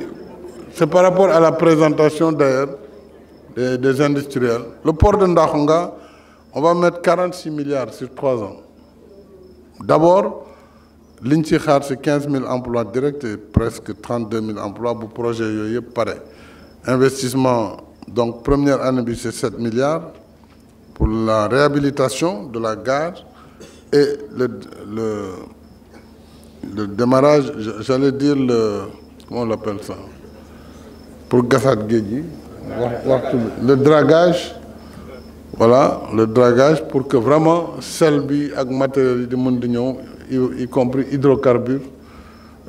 c'est par rapport à la présentation d'ailleurs des, industriels le port de Ndakhonga on va mettre 46 milliards sur trois ans d'abord l'Intichar c'est 15 000 emplois directs et presque 32 000 emplois pour le projet Yoye, investissement donc première année c'est 7 milliards pour la réhabilitation de la gare et le démarrage j'allais dire le comment on l'appelle ça pour Gassad Gédi, le dragage voilà le dragage pour que vraiment celle-ci bi le matériel du monde y compris hydrocarbures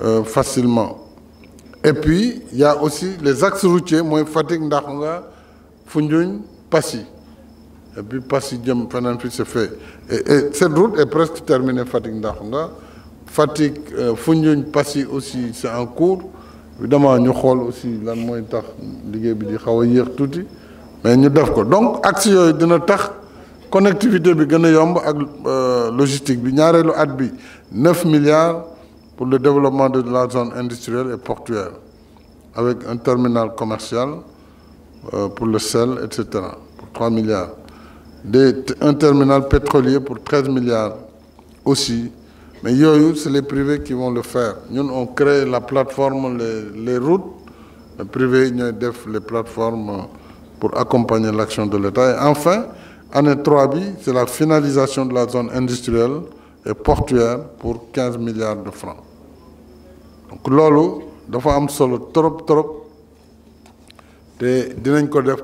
euh, facilement et puis il y a aussi les axes routiers moi, Fatigue Ndakonga, Foundiougne Passy et puis Passy Djem, feneen c'est fait et, cette route est presque terminée Fatigue Ndakonga. Fatigue, euh, Passy aussi c'est en cours évidemment nous avons aussi lan est tax liggéey bi di mais donc action de notre connectivité bi la euh, logistique bi y at milliards pour le développement de la zone industrielle et portuaire avec un terminal commercial euh, pour le sel etc., pour 3 milliards un terminal pétrolier pour 13 milliards aussi mais c'est les privés qui vont le faire Nous, on crée la plateforme les routes les privés les plateformes pour accompagner l'action de l'État. Et enfin, année 3B, c'est la finalisation de la zone industrielle et portuaire pour 15 milliards de francs. Donc nous dafa am solo trop trop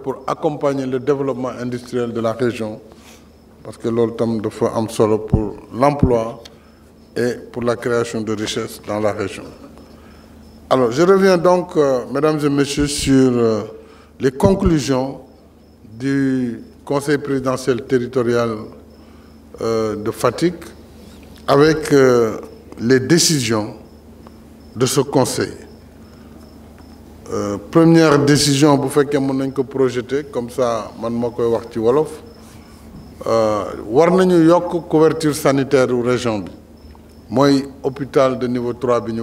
pour accompagner le développement industriel de la région parce que l'OLU, tam dafa am solo pour l'emploi et pour la création de richesses dans la région. Alors, je reviens donc, euh, mesdames et messieurs, sur... Euh, les conclusions du Conseil présidentiel territorial euh, de Fatigue avec euh, les décisions de ce Conseil. Euh, première décision bu qu'il mën nañ comme ça man moo wax ci wolof war New York, couverture sanitaire ou région Moi, hôpital de niveau 3 bi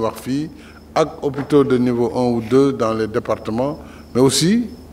hôpitaux de niveau 1 ou 2 dans les départements mais aussi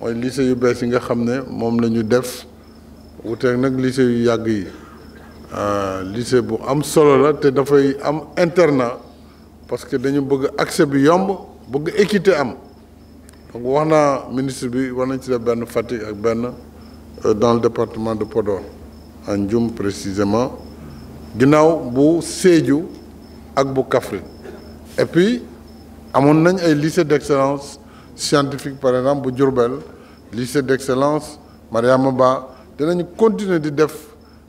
mooy lycée yu bees yi nga xam ne moom la ñu def wuteek nag lycée yu yàgg yi euh, lycée bu am solo la te dafay am internat parce que dañu bëgg accès bi yomb bëgg équité am donc wax naa ministre bi war nañ ci def benn Fatick ak benn euh, dans le département de Podor en Ndioum précisément ginnaaw bu Sédhiou ak bu Kaffrine et puis amoon nañ ay lycée d'excellence scientifique par exemple bu lycée d'excellence Mariama Ba dinañu continuer di def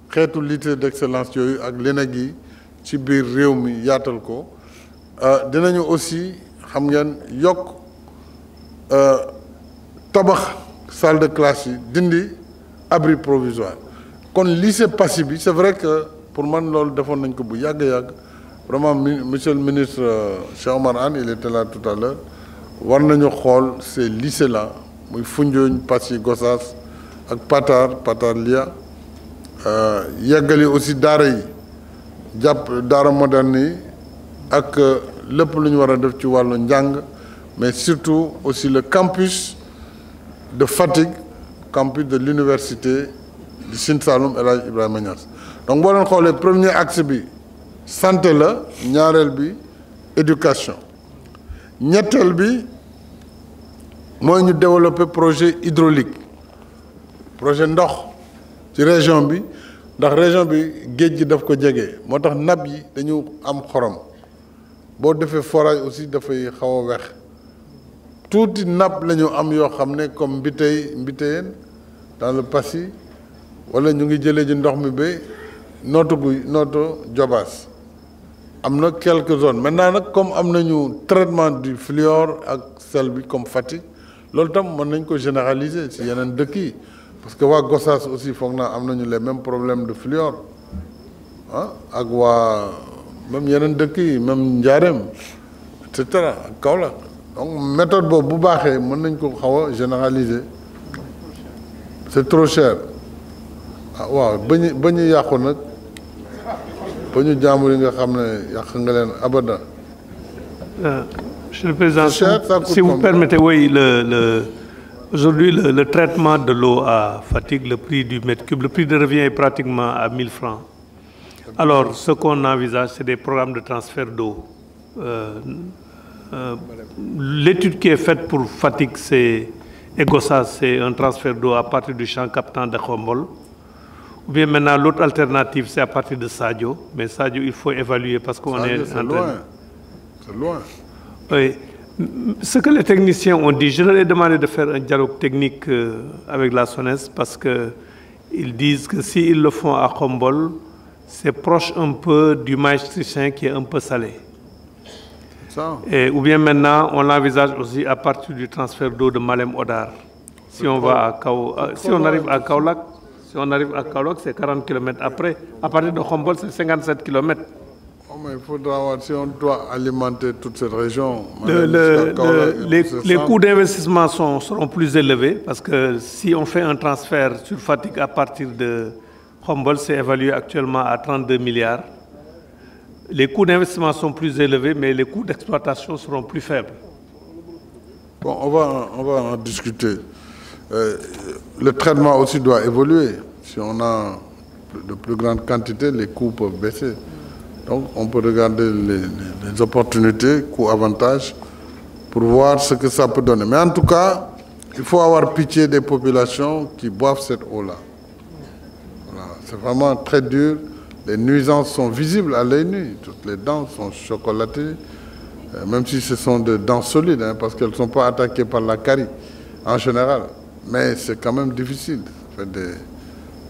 xétu lycée d'excellence avec ak Chibir, ci biir réew yaatal ko euh, aussi xam ngeen euh tabax salle de classe dindi abri provisoire kon lycée Passy c'est vrai que pour man nous defon nañ ko bu yag yag vraiment monsieur le ministre euh, Cheikh il était là tout à l'heure war nañu xool ces lycées là muy Foundiougne Passy Gossas ak Patar Patar Lia euh, yeggali aussi daara yi jàpp daara moderne yi ak euh, lépp lu ñu def ci mais surtout aussi le campus de fatigue, campus de l'université de Saint Saloum El Ibrahima Niass donc boo leen xoolee premier axe bi santé la ñaareel bi éducation ñetteel bi moy ñu développer projet hydraulique projet ndox ci région bi ndax région bi géej gi daf ko jege motax tax nab yi dañu am xorom bo défé forage aussi da fay a wex tuuti napp la am yo xamné comme mbitey mbiteyeen dans le passé wala ñu ngi jëlé ji ndox mi ba noto gu jobas amna quelques zones maintenant nag comme am nañu traitement du fluor ak sel bi comme Fatick lolou tam mën nañ ko généraliser ci yenen dëkk yi parce que wa Gossas aussi foog na am les mêmes problèmes de fluor hein ak wa même yenen dëkk yi même ndiarem et cetera donc méthode bobu bu baaxee mën nañ ko xawa généraliser c'est trop cher ah waaw ba ñu ba ñu euh, monsieur le Président, si vous permettez, aujourd'hui, le, traitement de l'eau à fatigue, le prix du mètre cube, le prix de revient est pratiquement à 1000 francs. Alors, ce qu'on envisage, c'est des programmes de transfert d'eau. Euh, euh, l'étude qui est faite pour fatigue, c'est c'est un transfert d'eau à partir du champ captant de Khombol. Ou bien maintenant, l'autre alternative, c'est à partir de Sadio. Mais Sadio, il faut évaluer parce qu'on est, en loin. C'est loin. Oui. Ce que les techniciens ont dit, je leur ai demandé de faire un dialogue technique euh, avec la SONES parce qu'ils disent que s'ils le font à Khombol, c'est proche un peu du maïs qui est un peu salé. Ça. Et, ou bien maintenant, on l'envisage aussi à partir du transfert d'eau de Malem Odar. Si on, va à si on arrive à Kaolak, si on arrive à Kalok, c'est 40 km. Après, à partir de Khombol, c'est 57 km. il faudra voir si on doit alimenter toute cette région. les, coûts d'investissement seront plus élevés parce que si on fait un transfert sur fatigue à partir de Khombol, c'est évalué actuellement à 32 milliards. Les coûts d'investissement sont plus élevés, mais les coûts d'exploitation seront plus faibles. Bon, on va, on va en discuter. Euh, le traitement aussi doit évoluer. Si on a de plus grandes quantités, les coûts peuvent baisser. Donc on peut regarder les, opportunités, coûts, avantages, pour voir ce que ça peut donner. Mais en tout cas, il faut avoir pitié des populations qui boivent cette eau-là. C'est vraiment très dur. Les nuisances sont visibles à l'œil nu. Toutes les dents sont chocolatées, euh, même si ce sont des dents solides, hein, parce qu'elles ne sont pas attaquées par la carie en général. Mais c'est quand même difficile. Des,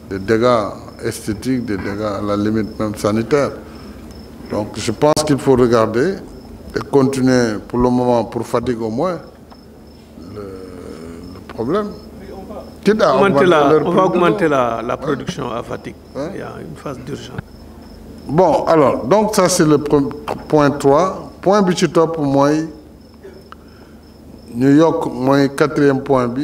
des dégâts esthétiques, des dégâts à la limite même sanitaire. Donc je pense qu'il faut regarder et continuer pour le moment, pour fatigue au moins, le, problème. On va augmenter, la, production à fatigue. Hein? Il y a une phase d'urgence. Bon, alors, donc ça c'est le point 3. Point but pour moi, New York, moi, quatrième point B.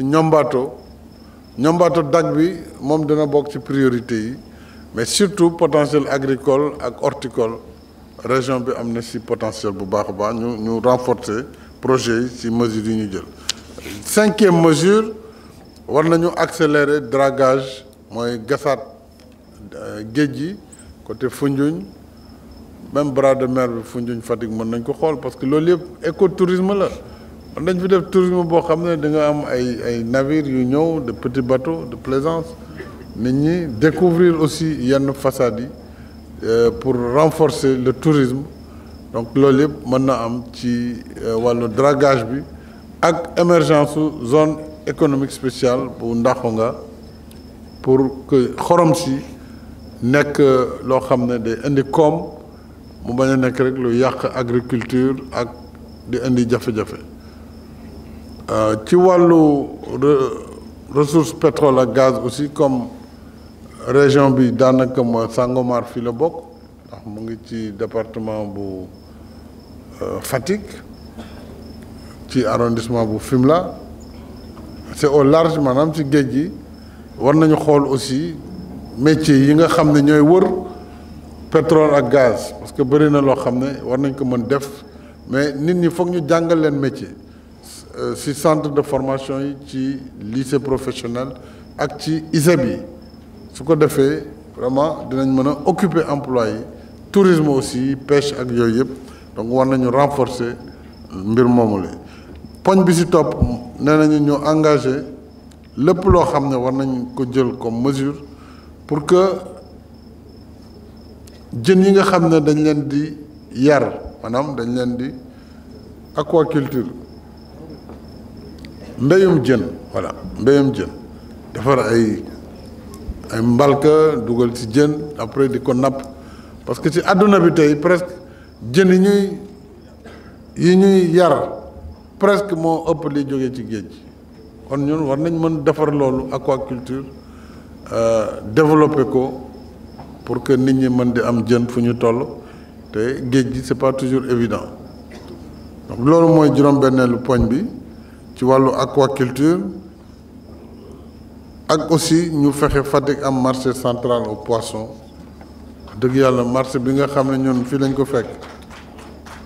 si ñombaato ñombaato dag bi moom dana bokk ci priorité yi mais surtout potentiel agricole ak horticole région bi am na si potentiel bu baax a baax ñu ñu renforcer projet yi si mesures yi ñu jël cinquième mesure war nañu accélérer dragage mooy gasaat euh, géej côté Foundiougne même bras de mer bi Foundiougne Fatick mën nañ ko xool parce que loolu yëpp écotourisme la dañ fi def tourisme boo xam ne da nga am ay ay navires yu ñëw de petits bateaux de plaisance nit ñi découvrir aussi yenn façade yi euh, pour renforcer le tourisme donc loolu yëpp mën na am ci euh, wàllu dragage bi ak émergence zone économique spéciale bu Ndaxonga pour que xorom si nekk euh, loo xam ne day indi koom mu bañ a nekk rek lu yàq agriculture ak di indi jafe-jafe euh, ci wàllu ressources pétrole ak gaz aussi comme région bi danaka ma Sangomar fi la bokk ndax mu ngi ci département bu euh, fatigue ci arrondissement bu Fimla, c'est au large maanaam ci géej war nañu xol aussi métier yi nga xamné ne wër pétrole ak gaz parce que bari na lo xamné ne war nañ ko mën def mais nit ñi foog ñu jàngal leen métier euh, si centre de formation yi ci lycée professionnel ak ci ISEP yi su ko defee vraiment dinañ mën a occuper emploi yi tourisme aussi pêche ak yooyu yëpp donc war nañu renforcer mbir moomu la poñ bi si topp nee nañu ñu engager lépp loo xam ne war nañ ko jël comme mesure pour que jën yi nga xam ne dañ leen di yar maanaam dañ leen di aquaculture mbéyum jeun voilà mbeyum jeun defar ay ay mbalka dugal ci jeun après diko nap parce que ci aduna bi tey presque jeun ñuy yi ñuy yar presque mo upp li jógee ci géej kon ñun war nañ mën defar loolu aquaculture euh développer ko pour que nit ñi mën di am jeun fu ñu toll te géej gi c'est pas toujours évident donc loolu mooy juróom-benneelu poñ bi tu vois, l'aquaculture. ak aussi ñu fexé un marché central au poisson deug un marché bi nga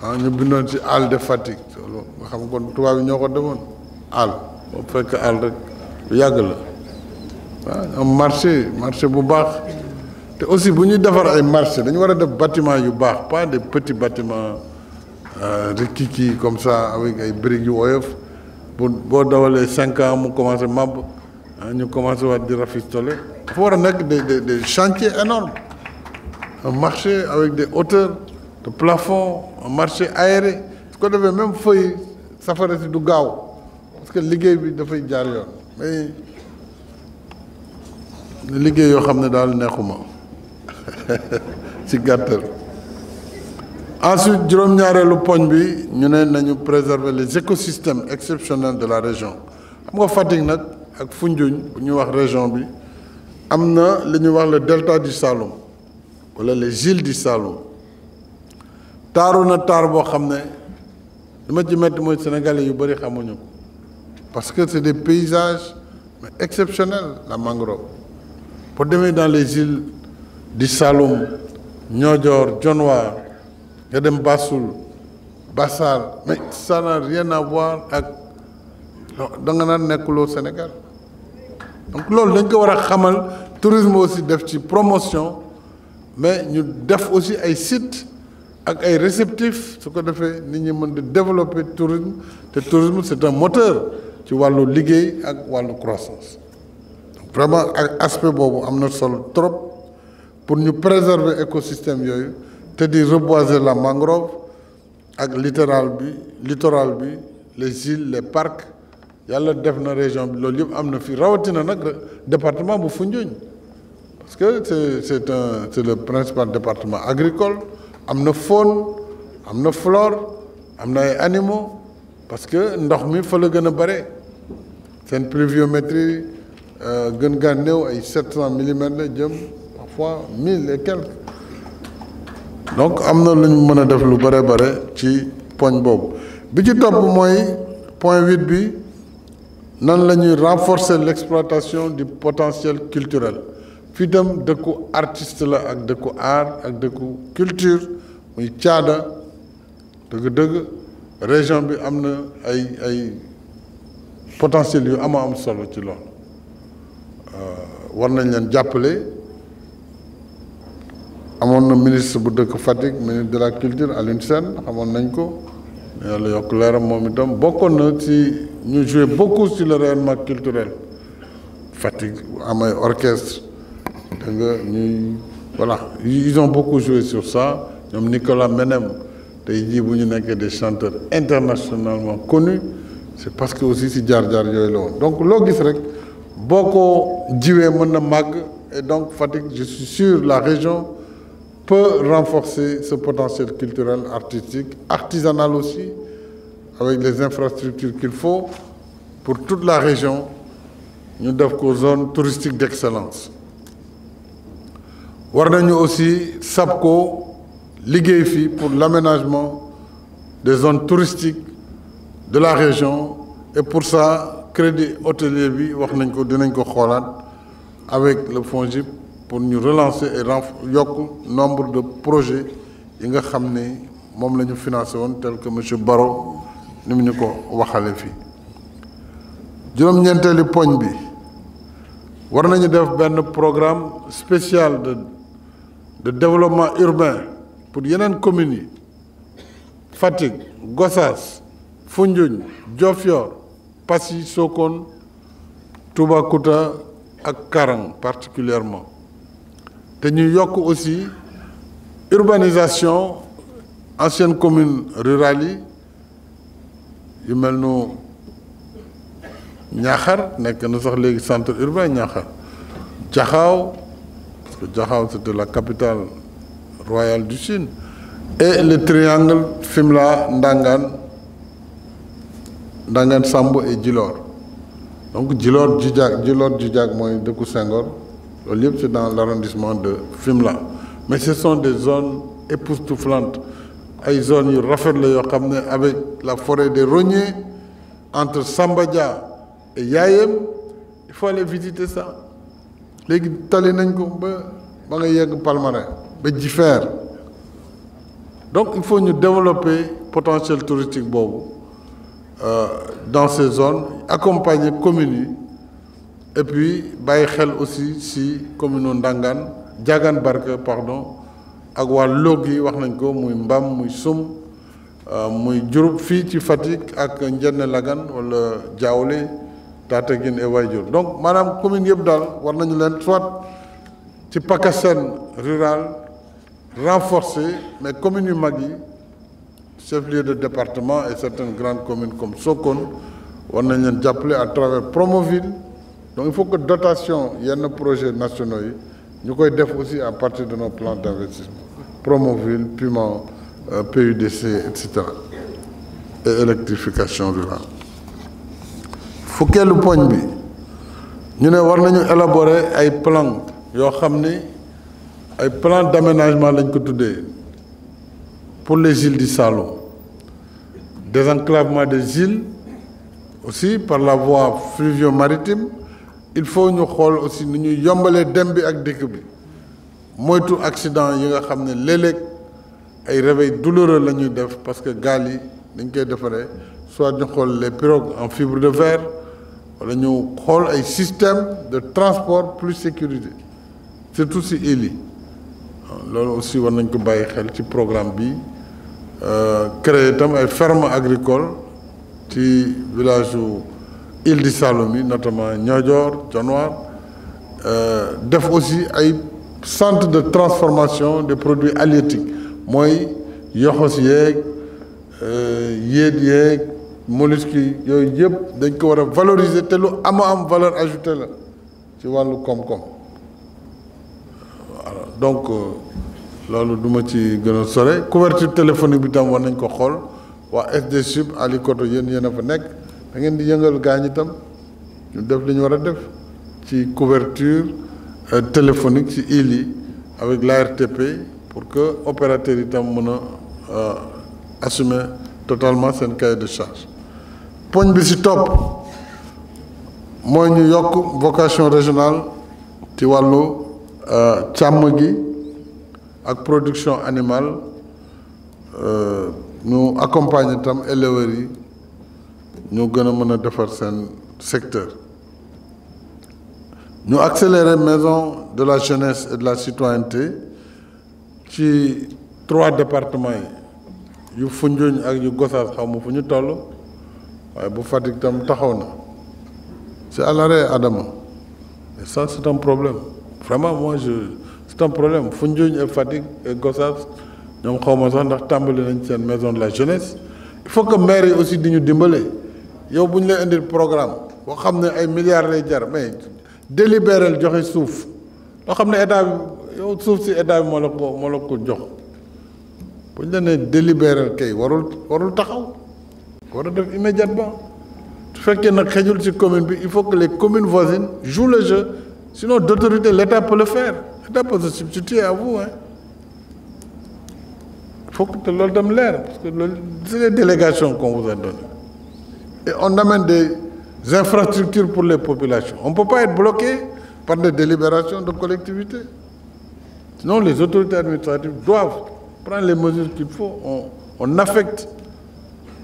ah, de fatik Nous xam kon fekk rek ah, marché marché bu baax aussi bu marché dañu wara def bâtiment yu pas des petits bâtiments euh, comme ça avec ay briques bon boo les cinq ans nous commencé màbb ah, ñu commencé à di rafistole pour war a des des des chantiers énormes un marché avec des hauteurs de plafonds, un marché aéré ce qu'on avait même fait ça si du Gao parce que liggéey bi devaient jaar yoon mais liggéey yoo xam dans le neexuma C'est gàttal ensuite juróom-ñaareelu poñ bi nous nañu préserver les écosystèmes exceptionnels de la région xam nga Fatick nag ak Foundiougne bu ñu wax région bi am li le delta du Saloum wala les îles du Saloum taaru na taar boo xam ne li ci metti sénégalais yu parce que c'est des paysages exceptionnels la mangrove Pour demain dans les îles du Saloum Niodior Dionewar des dem des Bassar mais ça n'a rien à voir ak da nga Sénégal donc nous dañ ko wara xamal tourisme aussi def ci promotion mais ñu def aussi ay sites ak ay réceptifs su ko defee nit ñi mën di développer tourisme Le tourisme c'est un moteur ci walu liggéey ak la croissance vraiment un aspect bobu amna solo trop pour nous préserver l'écosystème yoyu c'est-à-dire reboiser la mangrove ak littoral les îles les parcs yalla def na région bi loolu yëpp am na fi rawatina nag département bu Foundiougne parce que c'est c'est un c'est le principal département agricole am na faune am flore am animaux parce que ndox mi fa la gën a bare seen pluviométrie euh, gën gaa néew ay mm, parfois 1000 et quelques donc am na lu ñu mën a def lu bare bare ci poñ boobu bi ci topp mooy point huit bi nan la ñuy renforcer l'exploitation du potentiel culturel fii itam dëkku artiste la ak dëkku art ak dëkku culture muy caada dëgg-dëgg région bi am na ay ay potentiel yu ama am solo ci loolu euh, war nañ leen jàppale amoon na ministre bu dëkk Fatick ministre de la culture Alioune Sène xamoon nañ ko yàlla yokk leeram moom itam bokkoon na ci ñu joué beaucoup sur le rayonnement culturel Fatick amay orchestre da nga ñuy voilà ils ont beaucoup joué sur ça ñoom Nicolas Menem tey jii bu ñu nekkee des chanteurs internationalement connus c'est parce que aussi si jaar-jaar yooyu la woon donc loo gis rek boo ko jiwee mën na màgg et donc Fatick je suis sûr la région peut renforcer ce potentiel culturel, artistique, artisanal aussi, avec les infrastructures qu'il faut pour toute la région, nous devons une zone touristiques d'excellence. Nous avons aussi SAPCO, l'IGFI pour l'aménagement des zones touristiques de la région. Et pour ça, crédit hôtelier, nous avons avec le fonds GIP pour nous relancer et renforcer le nombre de projets yi nous xam financés, moom tel que monsieur Baro nous avons ko waxale fii juróom point Pogne bi war programme spécial de développement urbain pour les communes FATIG, Gossas Funjoun, Diofior Passy Sokone Kouta et Karang particulièrement New new aussi urbanisation ancienne commune rurale il y a maintenant centre urbain Djahao, parce que Djahao c'était la capitale royale du Chine et le triangle Fimla, Ndangan, ndangan Sambo et Djilor donc Djilor Djidiack Djilor Djidiack mooy au lieu c'est dans l'arrondissement de Fimla. mais ce sont des zones époustouflantes Des zones qui le avec la forêt des Rogniers entre Sambadia et Yayem, il faut aller visiter ça Les talents ne ko ba ba nga Palmarin ba donc il faut nous développer potentiel touristique euh, dans ces zones accompagner communes et puis aussi si commune ndangan pardon ak wa wax nañ ko muy Mbam muy Sum euh, muy ci ak Tataguine et wayjur donc manam commune yeb dal war soit ci rural renforcé mais commune yu chef-lieu de département et certaines grandes communes comme Sokon, on à travers Promoville donc il faut que dotation il nos projets nationaux nous ñu aussi à partir de nos plans d'investissement. Promoville piment, euh, PUDC etc. et électrification rurale Il faut bi ñu ait Nous élaborer ay plan yoo plan d'aménagement pour les îles du Salon. Des enclavements des îles aussi par la voie fluvio-maritime il faut ñu xol aussi ni ñuy yombalee dem bi ak dikk bi moytu accident yi nga xamné ne ay réveil douloureux la def parce que gal yi dañ koy défaré soit ñu xol les pirogues en fibre de verre wala ñu xol ay système de transport plus sécurisé surtout si îles yi loolu aussi war nañ ko bàyyi xel ci programme bi euh, créer tam ay ferme agricole ci village île Salomi notamment notamment Il y def aussi un centre de transformation des produits halieutiques Moi, yoxos euh, Yé, Yed yeeg mollusques yi dañ valoriser am valeur ajoutée la ci donc euh, là, couverture téléphonique bi tam nañ da ngeen di yëngal gaañ itam ñu def li ñu war a def ci couverture euh, téléphonique ci avec l'ARTP pour que opérateur itam mën a euh, assumer totalement seen cahier de charge poñ bi ci topp mooy ñu yokk vocation régionale ci wàllu euh, càmm gi ak production animale nous accompagner itam éleveurs yi nous gën a mën a defar seen secteur ñu accélérer maison de la jeunesse et de la citoyenneté ci trois départements yi yu Foundiougne ak yu Gossas xawma ma fu ñu toll waaye bu Fatick tam taxaw na c'est à l'arrêt Adama et ça c'est un problème vraiment moi je c'est un problème Foundiougne et Fatick et Gossas ñoom xawma sax ndax tàmbali nañ seen maison de la jeunesse il faut que maire yi aussi di ñu dimbale yow bu ñu lay indil programme bo xam ne ay milliards lay jar mais délibéral joxe suuf loo xam ne état bi yow suuf si état bi moo la ko moo la ko jox bu ñu la nee délibéral kay warul warul taxaw war a def immédiatement su fekkee nag xejul ci commune bi il faut que les communes voisines jouent le jeu sinon d'autorité l'État peut le faire l'État peut se substituer à vous hein il faut que loolu dem leer parce que loolu c'est les délégations qu'on vous a données et on amène des infrastructures pour les populations. On ne peut pas être bloqué par des délibérations de collectivités. Sinon, les autorités administratives doivent prendre les mesures qu'il faut. On, affecte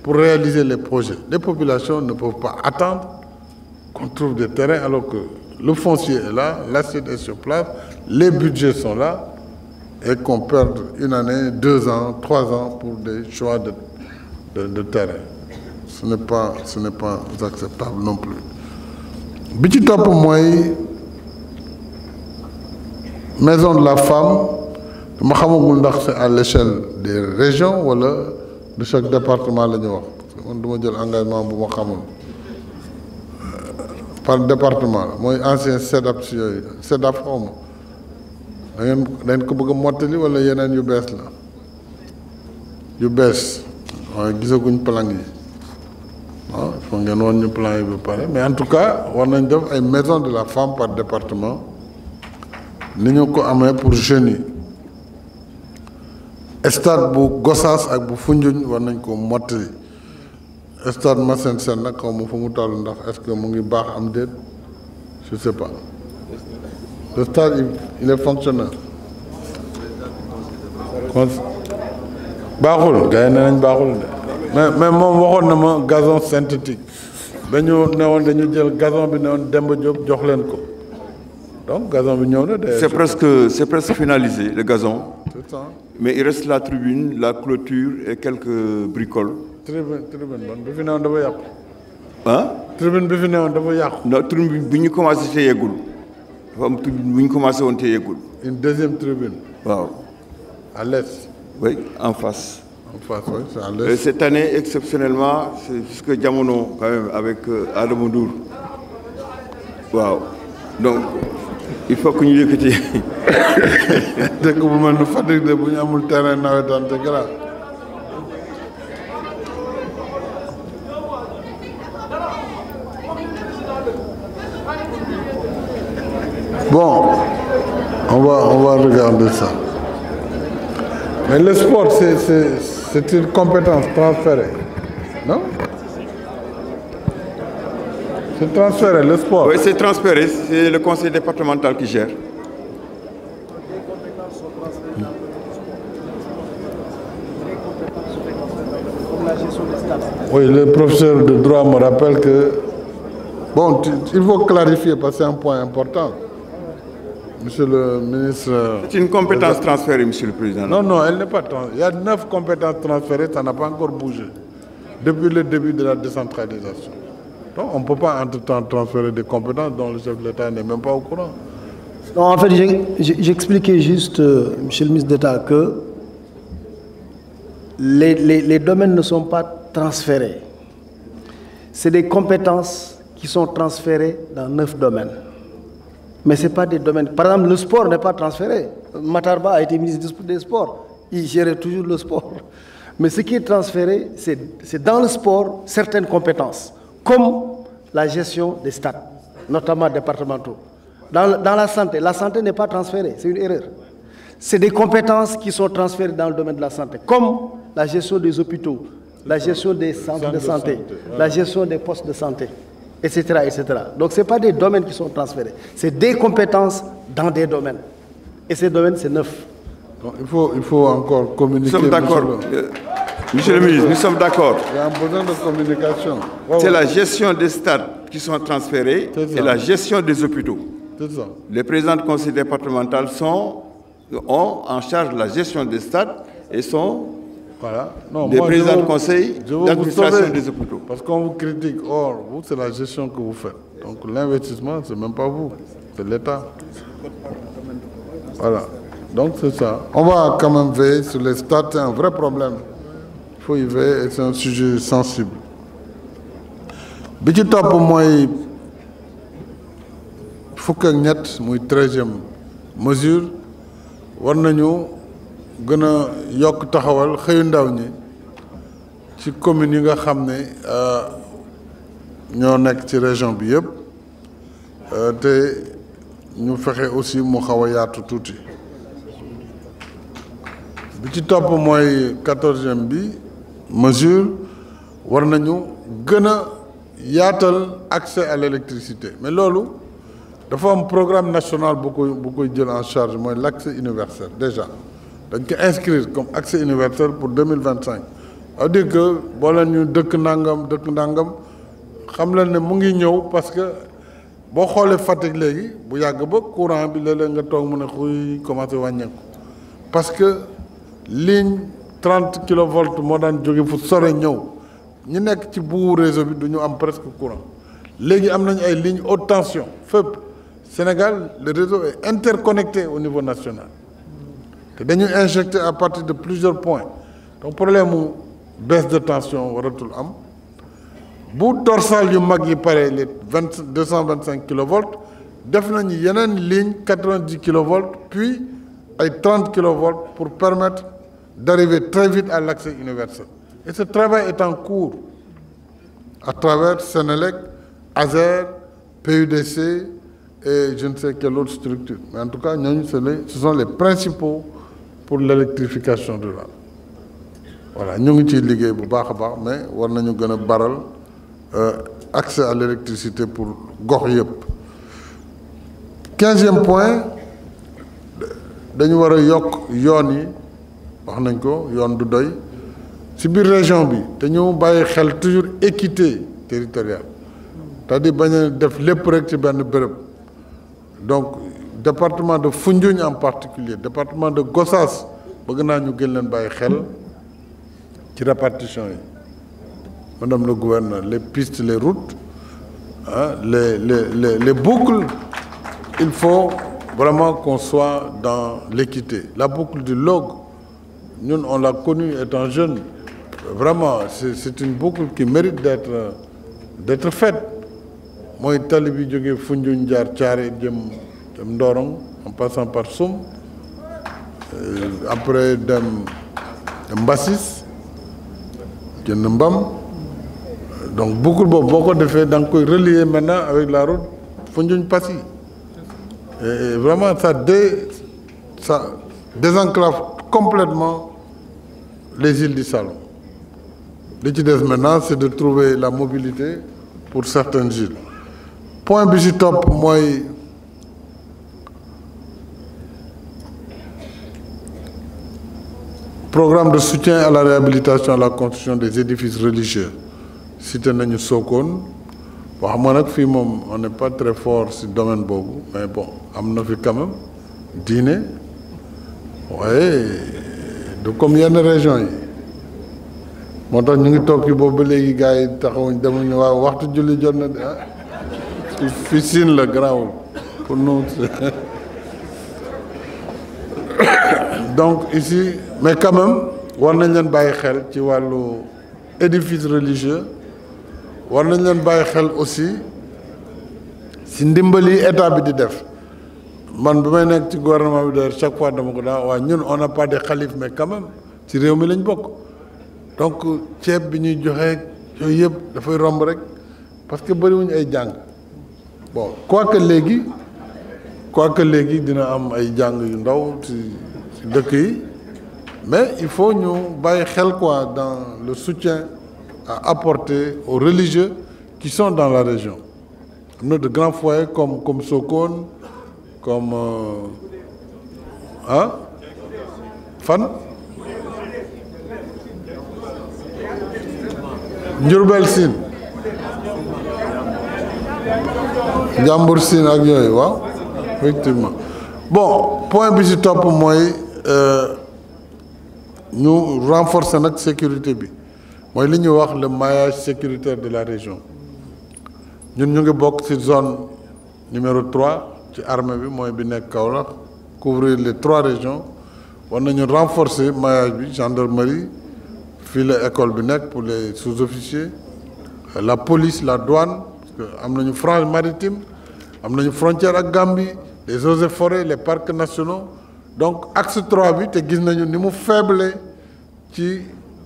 pour réaliser les projets. Les populations ne peuvent pas attendre qu'on trouve des terrains alors que le foncier est là, l'assiette est sur place, les budgets sont là et qu'on perde une année, deux ans, trois ans pour des choix de, de, de terrain ce n'est pas ce n'est pas acceptable non plus bi ci topp maison de la femme dama xamagul ndax c'est à l'échelle des régions wala de chaque département lañu wax parce que du jël engagement bu ma xamul euh, par département moy ancien SEDAP si yooyu SEDAP xaw da ngeen da ko bëgg a wala yeneen yu bees la yu bees waaye gisaguñ plan yi que ngeen woon ñu plan yi ba pare mais en tout cas war nañ def ay maison de la femme par département ni ñu ko pour jeunes yi stade bu Gossas ak bu Foundiougne war nañ ko mottali stade Massène Sène nag xaw ma fu mu toll ndax est-ce que mu ngi baax am déet je sais pas le stade il est fonctionnel baaxul gars yi nee nañ baaxul de mais mon moom waxoon na ma gazon synthétique dañu ne woon dañu jël gazon bi ne woon Demba Diop jox leen ko donc gazon bi ñëw na. c'est presque c'est presque finalisé le gazon. mais il reste la tribune la clôture et quelques bricoles. tribune tribune man bi fi newoon dafa yàqu. hein tribune bi fi newoon dafa yàqu. non tribune bi ñu commencé te Yegul dafa tribune bu ñu commencé woon te une deuxième tribune. waaw. à l'est. oui en face. Euh, cette année, exceptionnellement, c'est ce que Diamono, quand même, avec euh, Adam Ndour. Waouh Donc, il faut qu'on y yëkkati bon on va on va regarder ça mais le sport c'est c'est une compétence transférée. Non C'est transféré, le sport Oui, c'est transféré. C'est le conseil départemental qui gère. Oui, le professeur de droit me rappelle que... Bon, il faut clarifier parce que c'est un point important. Monsieur le ministre. C'est une compétence transférée, monsieur le président. Non, non, elle n'est pas transférée. Il y a neuf compétences transférées, ça n'a pas encore bougé depuis le début de la décentralisation. Donc on ne peut pas entre-temps transférer des compétences dont le chef de l'État n'est même pas au courant. en fait, j'expliquais juste, euh, monsieur le ministre d'État, que les, les domaines ne sont pas transférés. C'est des compétences qui sont transférées dans neuf domaines. Mais ce n'est pas des domaines. Par exemple, le sport n'est pas transféré. Matarba a été ministre des Sports. Il gérait toujours le sport. Mais ce qui est transféré, c'est dans le sport certaines compétences, comme la gestion des stades, notamment départementaux. Dans, dans la santé, la santé n'est pas transférée, c'est une erreur. C'est des compétences qui sont transférées dans le domaine de la santé, comme la gestion des hôpitaux, la gestion des centres de santé, la gestion des postes de santé etc. Donc ce n'est pas des domaines qui sont transférés, c'est des compétences dans des domaines. Et ces domaines, c'est neuf. il, faut, il faut encore communiquer. Nous sommes d'accord. Euh, monsieur le ministre, nous sommes d'accord. Il y a un besoin de communication. C'est la gestion des stades qui sont transférés et la gestion des hôpitaux. Les présidents de conseils départementaux sont, ont en charge la gestion des stades et sont voilà. Non, des présidents de conseil d'administration des Parce qu'on vous critique. Or, vous, c'est la gestion que vous faites. Donc l'investissement, c'est même pas vous, c'est l'État. Voilà. Donc c'est ça. On va quand même veiller sur les stats, c'est un vrai problème. Il faut y veiller c'est un sujet sensible. Petit pour moi, il faut que nous 13e mesure. Nous gëna a taxawal xeyu ndaw ñi ci commune yi nga xamné euh ño nek ci région bi yëpp euh, té ñu fexé aussi mu xaw a yaatu tuuti bi ci moy 14e bi mesure war nañu gëna a yaatal accès à l'électricité mais lolu dafa am programme national bu koy bu koy jël en charge moy l'accès universel déjà dañ ko inscrire comme accès universel pour 2025. A à dire que boo leen ñu dëkk nangam dëkk nangam xam leen ne mu ngi ñëw parce que boo xoolee Fatick léegi bu yàgg ba courant bi léeg-léeg nga toog mu ne xuy commencé wàññeeku parce que ligne 30 kV moo daan jóge fu sore ñëw ñi nekk ci bu réseau bi du am presque courant léegi am nañ ay lignes haute tension fépp Sénégal le réseau est interconnecté au niveau national te dañuy injecté à partir de plusieurs points donc problème mots baisse de tension waratul am bu dorsal yu magi les 225 kV kV, il ligne 90 kV, puis 30 30 pour permettre d'arriver très vite à l'accès universel et ce travail est en cours à travers Sénélec AZER, PUDC et je ne sais quelle autre structure mais en tout cas ce sont les principaux pour l'électrification rurale voilà ñu ngi ciy liggéey bu baax a baax mais war nañu gën a baral euh, accès à l'électricité pour gox yëpp quinzième point dañu war a yokk yoon yi wax nañ ko yoon du doy ci biir région bi te ñu bàyyi xel toujours équité territoriale c'est-à-dire bañ a def lépp rek ci benn béréb donc département de Foundiougne en particulier département de Gossas bëgg que nous gën leen madame le gouverneur les pistes les routes hein, les boucles il faut vraiment qu'on soit dans l'équité la boucle du log nous on l'a connue étant jeune vraiment c'est une boucle qui mérite d'être d'être faite Moi, le suis jógee jaar Mdorong, en passant par Soum, euh, après est Mbassis, Mbam. Donc beaucoup, beaucoup de faits, donc reliés maintenant avec la route fondiou Passy. Et vraiment, ça, désenclave complètement les îles du Salon. L'idée maintenant, c'est de trouver la mobilité pour certaines îles. Point bi moi moi, programme de soutien à la réhabilitation et à la construction des édifices religieux cité nañu Sokone wax ma nag on n'est pas très fort ce domaine mais bon on a quand même Dîner. Oui, De combien de région Moi, moo tax ñu ngi toog ci boobu ba léegi gars yi taxawuñ demuñu waaw waxtu julli de ah. la garaawul pour nous donc ici mais quand même war nañ leen bàyyi xel ci wàllu édifice religieux war nañ leen bàyyi xel aussi si ndimbali état bi di def man bi may nekk ci gouvernement bi d'ailleurs chaque fois dama ko da wa ñun on n'a pas de xalif mais quand même ci réew mi lañ bokk donc ceeb bi ñuy joxe yeb da fay romb rek parce que wuñ ay jang bon quoi que légui quoi que légui dina am ay jang yu ndaw ci de qui mais il faut nous bailler quelque quoi dans le soutien à apporter aux religieux qui sont dans la région notre grand de grands foyers comme comme Sokone comme euh, hein fan Njourbel Sine Ndiambour Sine effectivement bon point bi pour moi euh, nous renforçons notre sécurité Nous avons le maillage sécuritaire de la région nous ñu ngi zone numéro 3 de armée bi couvrir les trois régions On renforcé le maillage la gendarmerie école pour les sous-officiers la police la douane parce que frange maritime la une frontière à Gambie les eaux et forêts les parcs nationaux donc axe 3 bi faible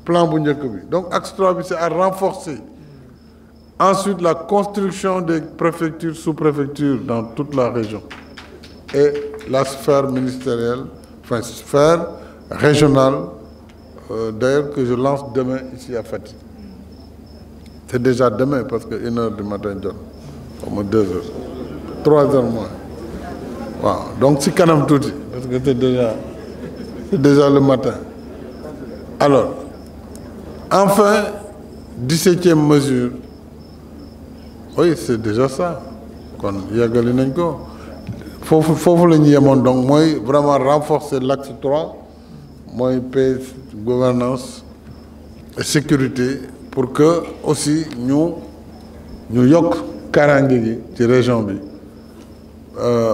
plan donc axe 3 c'est à renforcer ensuite la construction des préfectures sous-préfectures dans toute la région et la sphère ministérielle enfin sphère régionale euh, d'ailleurs que je lance demain ici à Fatih. c'est déjà demain parce que une heure du matin au moins deux heures trois heures moins donc si même tout. parce que c'est déjà déjà le matin alors enfin 17e mesure oui c'est déjà ça Il Faut donc vraiment renforcer l'axe 3 Moi, paix gouvernance et sécurité pour que aussi nous nous york nous, ci région euh,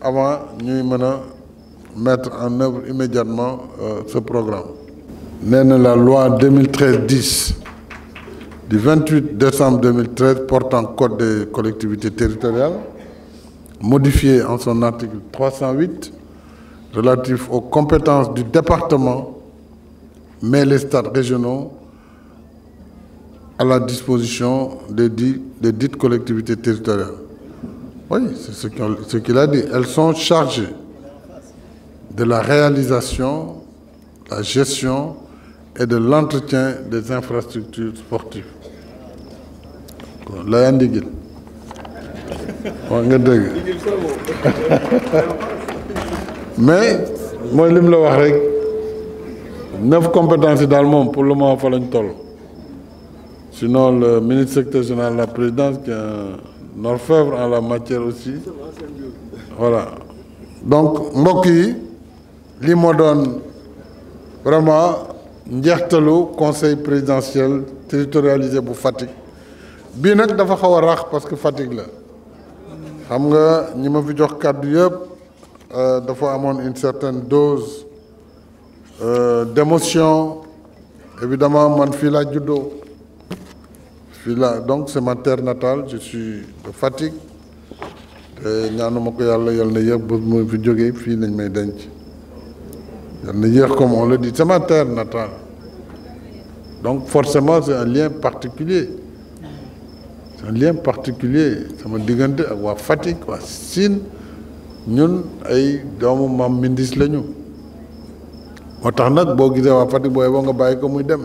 avant nous mener mettre en œuvre immédiatement euh, ce programme. la loi 2013-10 du 28 décembre 2013 portant code des collectivités territoriales modifiée en son article 308 relatif aux compétences du département met les stades régionaux à la disposition des, des dites collectivités territoriales. Oui, c'est ce qu'il a dit. Elles sont chargées de la réalisation, la gestion et de l'entretien des infrastructures sportives. Mais, moi, je veux dire, neuf compétences dans le monde, pour le moment, il faut Sinon, le ministre secteur général de la présidence, qui a l'orfèvre en la matière aussi voilà donc mbokk yi li me donne, vraiment le conseil présidentiel territorialisé bu Fatigue. bii nag dafa xaw a rax parce que fatigue la xam nga ñi fi jox euh, dafa une certaine dose euh, d'émotion évidemment man fii laa judo suis donc c'est ma terre natale je suis fatigué. Fatick te ñaanuma ko yàlla yal na yéex ba mu fi jógee nañ may denc yal na yéex comme on le dit c'est ma terre natale donc forcément c'est un lien particulier c'est un lien particulier sama diggante ak waa Fatick waa Sine ñun ay doomu maam Mindis lañu moo tax n'ak bo gisee waa Fatick bo boo nga bàyyi ko muy dem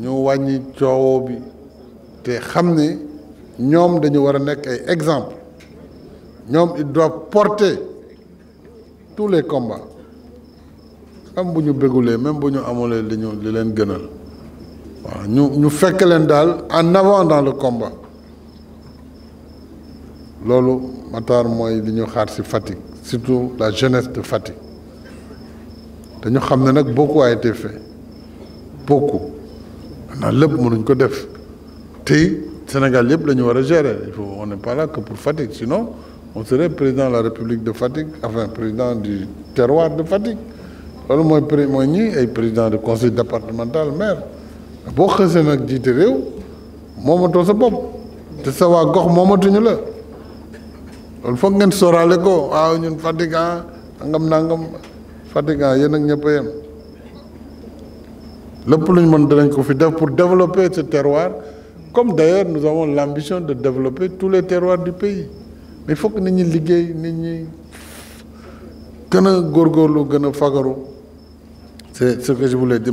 ñu wàññi coow bi te xam ne ñoom dañu war a ay exemple nous ils doivent porter tous les combats am bu ñu même bu ñu amulee li ñu li leen gënal waaw ñu ñu fekk leen en avant dans le combat Lolo, Matar mooy li ñu xaar ci fatigue, surtout la jeunesse de fatigue. te ñu xam beaucoup a été fait beaucoup xanaa lepp mënuñ ko def tey Sénégal lepp lañu wara gérer il faut on n'est pas là que pour Fatik, sinon on serait président de la République de Fatik, enfin président du terroir de Fatik. loolu moy pré mooy ay président de conseil départemental maire boo xësee nag jiite réew momato sa bopp te sa wa gox momatuñu la loolu foog ngeen sóoraale ko waaw ah, ñun Fatick ngam ah, nangam nangam Fatick ah yéen ak ñëpp a pour développer ce terroir comme d'ailleurs nous avons l'ambition de développer tous les terroirs du pays mais il faut que nous ñi nous nous c'est ce que je voulais dire